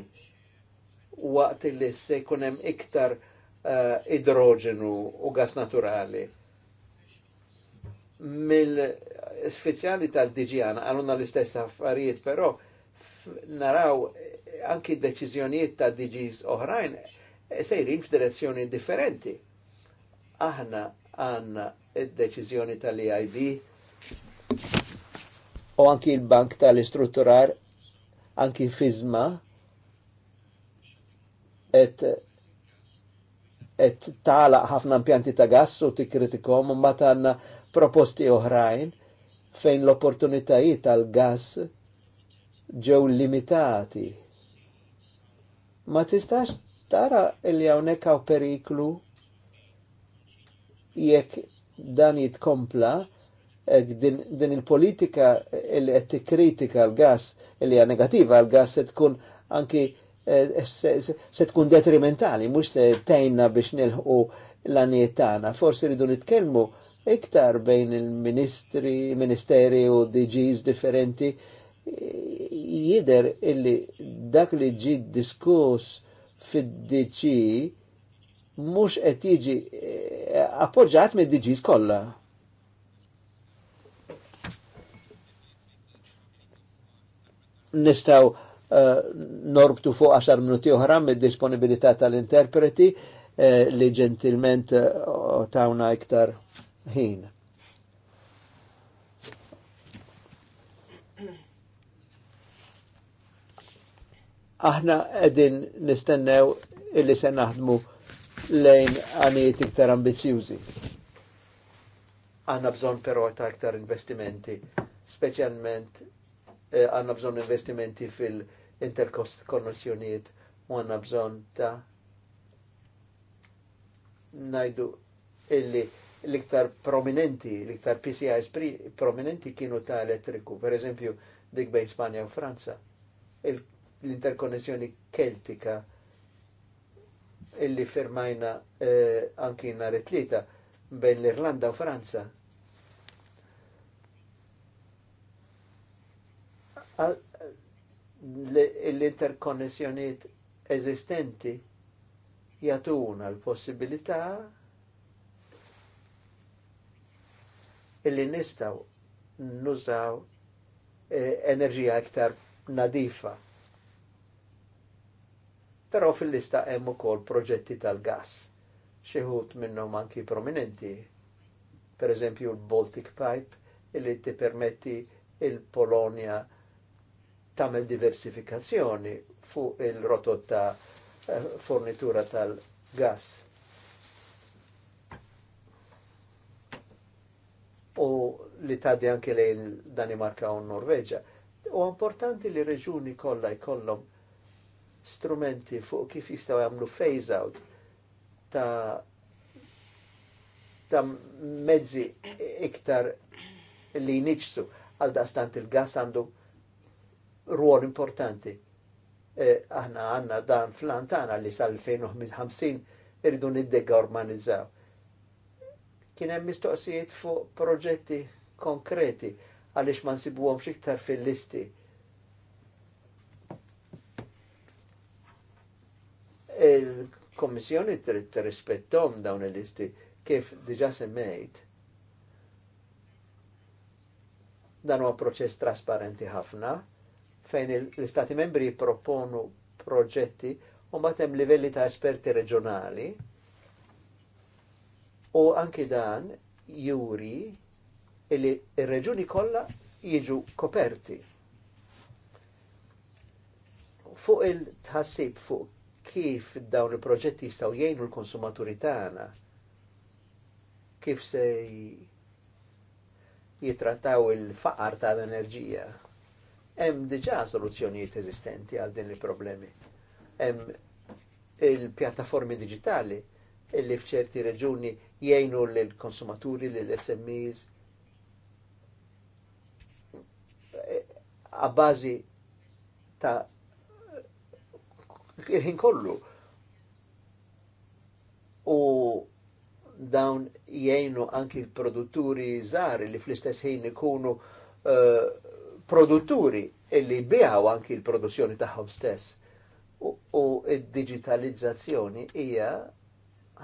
waqt li se iktar uh, idroġenu u gas naturali. mill speċjali tal-DGN għalunna l-istess affarijiet, però naraw anki deċizjonijiet ta' DGs oħrajn eh, sejrin f'direzzjoni differenti. Aħna għanna id deċizjoni tal-EIB u anki il-bank tal-istrutturar anki fizma et et tala ħafna impjanti ta' gas u tikritikom u mbagħad għandna proposti oħrajn fejn l-opportunitajiet tal-gas ġew limitati ma tistax tara il hawnhekk hawn periklu jekk dan jitkompla din, din il-politika li qed tikkritika l-gas li hija negativa l-gas se tkun anki eh, se tkun detrimentali, mhux se tejna biex nilħu l-għaniet tagħna. Forsi rridu nitkellmu iktar bejn il-ministri, ministeri u DGs differenti jider illi dak li ġi diskus fid-DG mux qed jiġi eh, appoġġat mid-DGs kollha. Nistaw uh, norbtu fuq 10 minuti oħra mid-disponibilità tal-interpreti uh, li ġentilment uh, tawna iktar ħin. aħna edin nistennew illi se naħdmu lejn għanijiet iktar ambizjużi. Għanna bżon però ta' iktar investimenti, specialment eh, għanna bżon investimenti fil interkost konnessjoniet u għanna bżon ta' najdu illi l-iktar prominenti, l-iktar PCIs prominenti kienu ta' elettriku, per eżempju dik bej Spanja u Franza l-interkonnessjoni keltika illi firmajna eh, anki nhar it-tlieta bejn l-Irlanda u Franza. L-interkonnessjoniet eżistenti jatuna l-possibilità illi nistaw nużaw eh, enerġija iktar nadifa Pero fil-lista hemm ukoll proġetti tal-gas. Xi ħut minnhom anki prominenti, per eżempju l-Baltic Pipe illi tippermetti il-Polonja tagħmel diversifikazzjoni fuq il-rotot ta' eh, fornitura tal-gas. U li tgħaddi anke lejn Danimarka u Norveġa. U importanti li reġuni kollha jkollhom strumenti fuq kif jistgħu jagħmlu phase out ta' ta' mezzi iktar li niċsu għal daqstant il-gas għandu ruol importanti. Eh, aħna għanna dan flantana li sal-2050 irridu niddega urbanizzaw. Kien hemm mistoqsijiet fuq proġetti konkreti għaliex ma nsibuhomx iktar fil-listi il-Kommissjoni t rispettom dawn il-listi kif diġa semmejt. Dan huwa proċess trasparenti ħafna fejn l-Istati membri proponu proġetti u hemm livelli ta' esperti reġjonali u anki dan juri illi il-reġuni kollha jiġu koperti. Fuq il-tħassib fuq kif dawn il-proġetti jistgħu jgħinu l-konsumaturi tagħna kif se jitrattaw il-faqar tal-enerġija. Hemm diġà soluzzjonijiet eżistenti għal din il-problemi. Hemm il-pjattaformi digitali illi f'ċerti reġuni jgħinu l-konsumaturi, l-SMEs, għabbażi eh, ta' il-ħin kollu. U dawn jgħinu anki produtturi żgħar li fl-istess ħin ikunu uh, produtturi illi bijaw anki l-produzzjoni tagħhom stess. U, u id-digitalizzazzjoni hija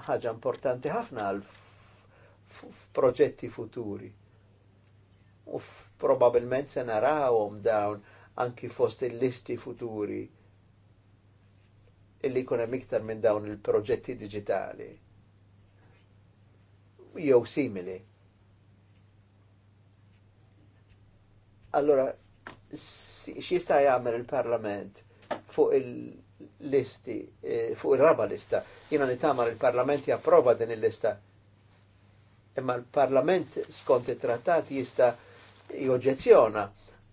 ħaġa importanti ħafna għal proġetti futuri. U probabilment se narawhom dawn anki fost il-listi futuri illi jkun hemm iktar minn dawn il-proġetti digitali. Jew simili. Allora, x'jista' jagħmel il-Parlament fuq il-listi, eh, fuq il raba lista, li nitamar il-Parlament japprova din il-lista. Imma l-Parlament skont it-trattat jista' joġġezzjona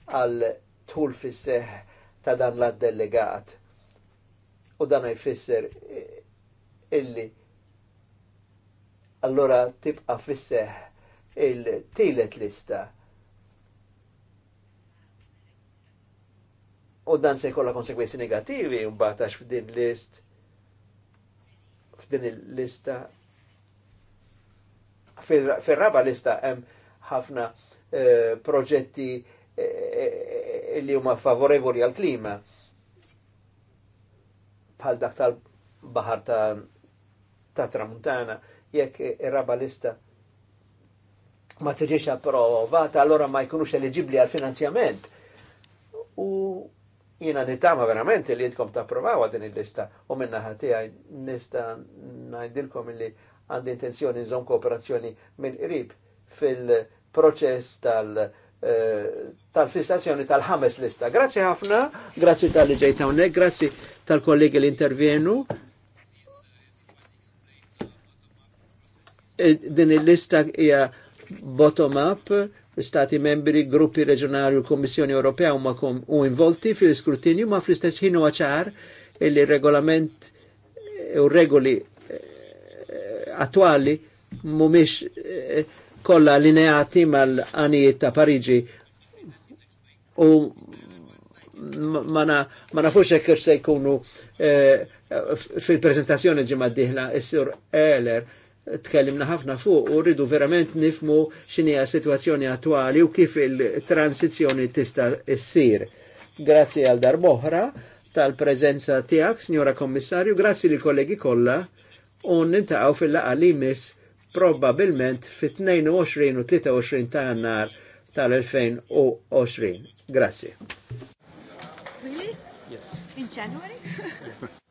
għal tul fis ta' dan l-delegat U dan jfisser eh, illi allora tibqa fisseħ il-tielet lista. U dan se jkollha konsekwenzi negativi mbagħad għax f'din list f'din il-lista fil-raba lista hemm ħafna eh, proġetti eh, li huma favorevoli għal klima bħal dak tal-bahar ta', ta tramuntana jekk ir-raba lista ma tiġiex approvata, allora ma jkunux eligibli għal finanzjament. U jina nitama verament li jitkom ta' approvaw din il-lista u minna ħatija nista najdilkom li għandi intenzjoni nżom kooperazzjoni minn qrib fil-proċess tal- Eh, tal-fissazzjoni tal-ħames lista. Grazzi ħafna, grazzi tal-li ġejta unnek, grazzi tal-kollegi l intervjenu. E, din il-lista hija bottom-up, stati membri, gruppi reġjonali u Kommissjoni Ewropea huma u involti fil-iskrutinju ma fl-istess ħin huwa ċar li regolament e, u regoli e, attuali mumiex kollha lineati mal anijiet ta' Pariġi u ma nafux hekk se jkunu eh, fil-prezentazzjoni ġimgħa d is-sur Eler tkellimna ħafna fuq u rridu verament nifmu x'inhija situazzjoni attwali u kif il-transizzjoni tista' issir. Grazzi għal darboħra tal-preżenza tiegħek, Signora Kommissarju, grazzi li kollegi kollha u nintaqgħu fil-laqgħa li miss probabilment fit-22 u 23 ta' nar tal-2020. Grazie. Really? Yes. In January? yes.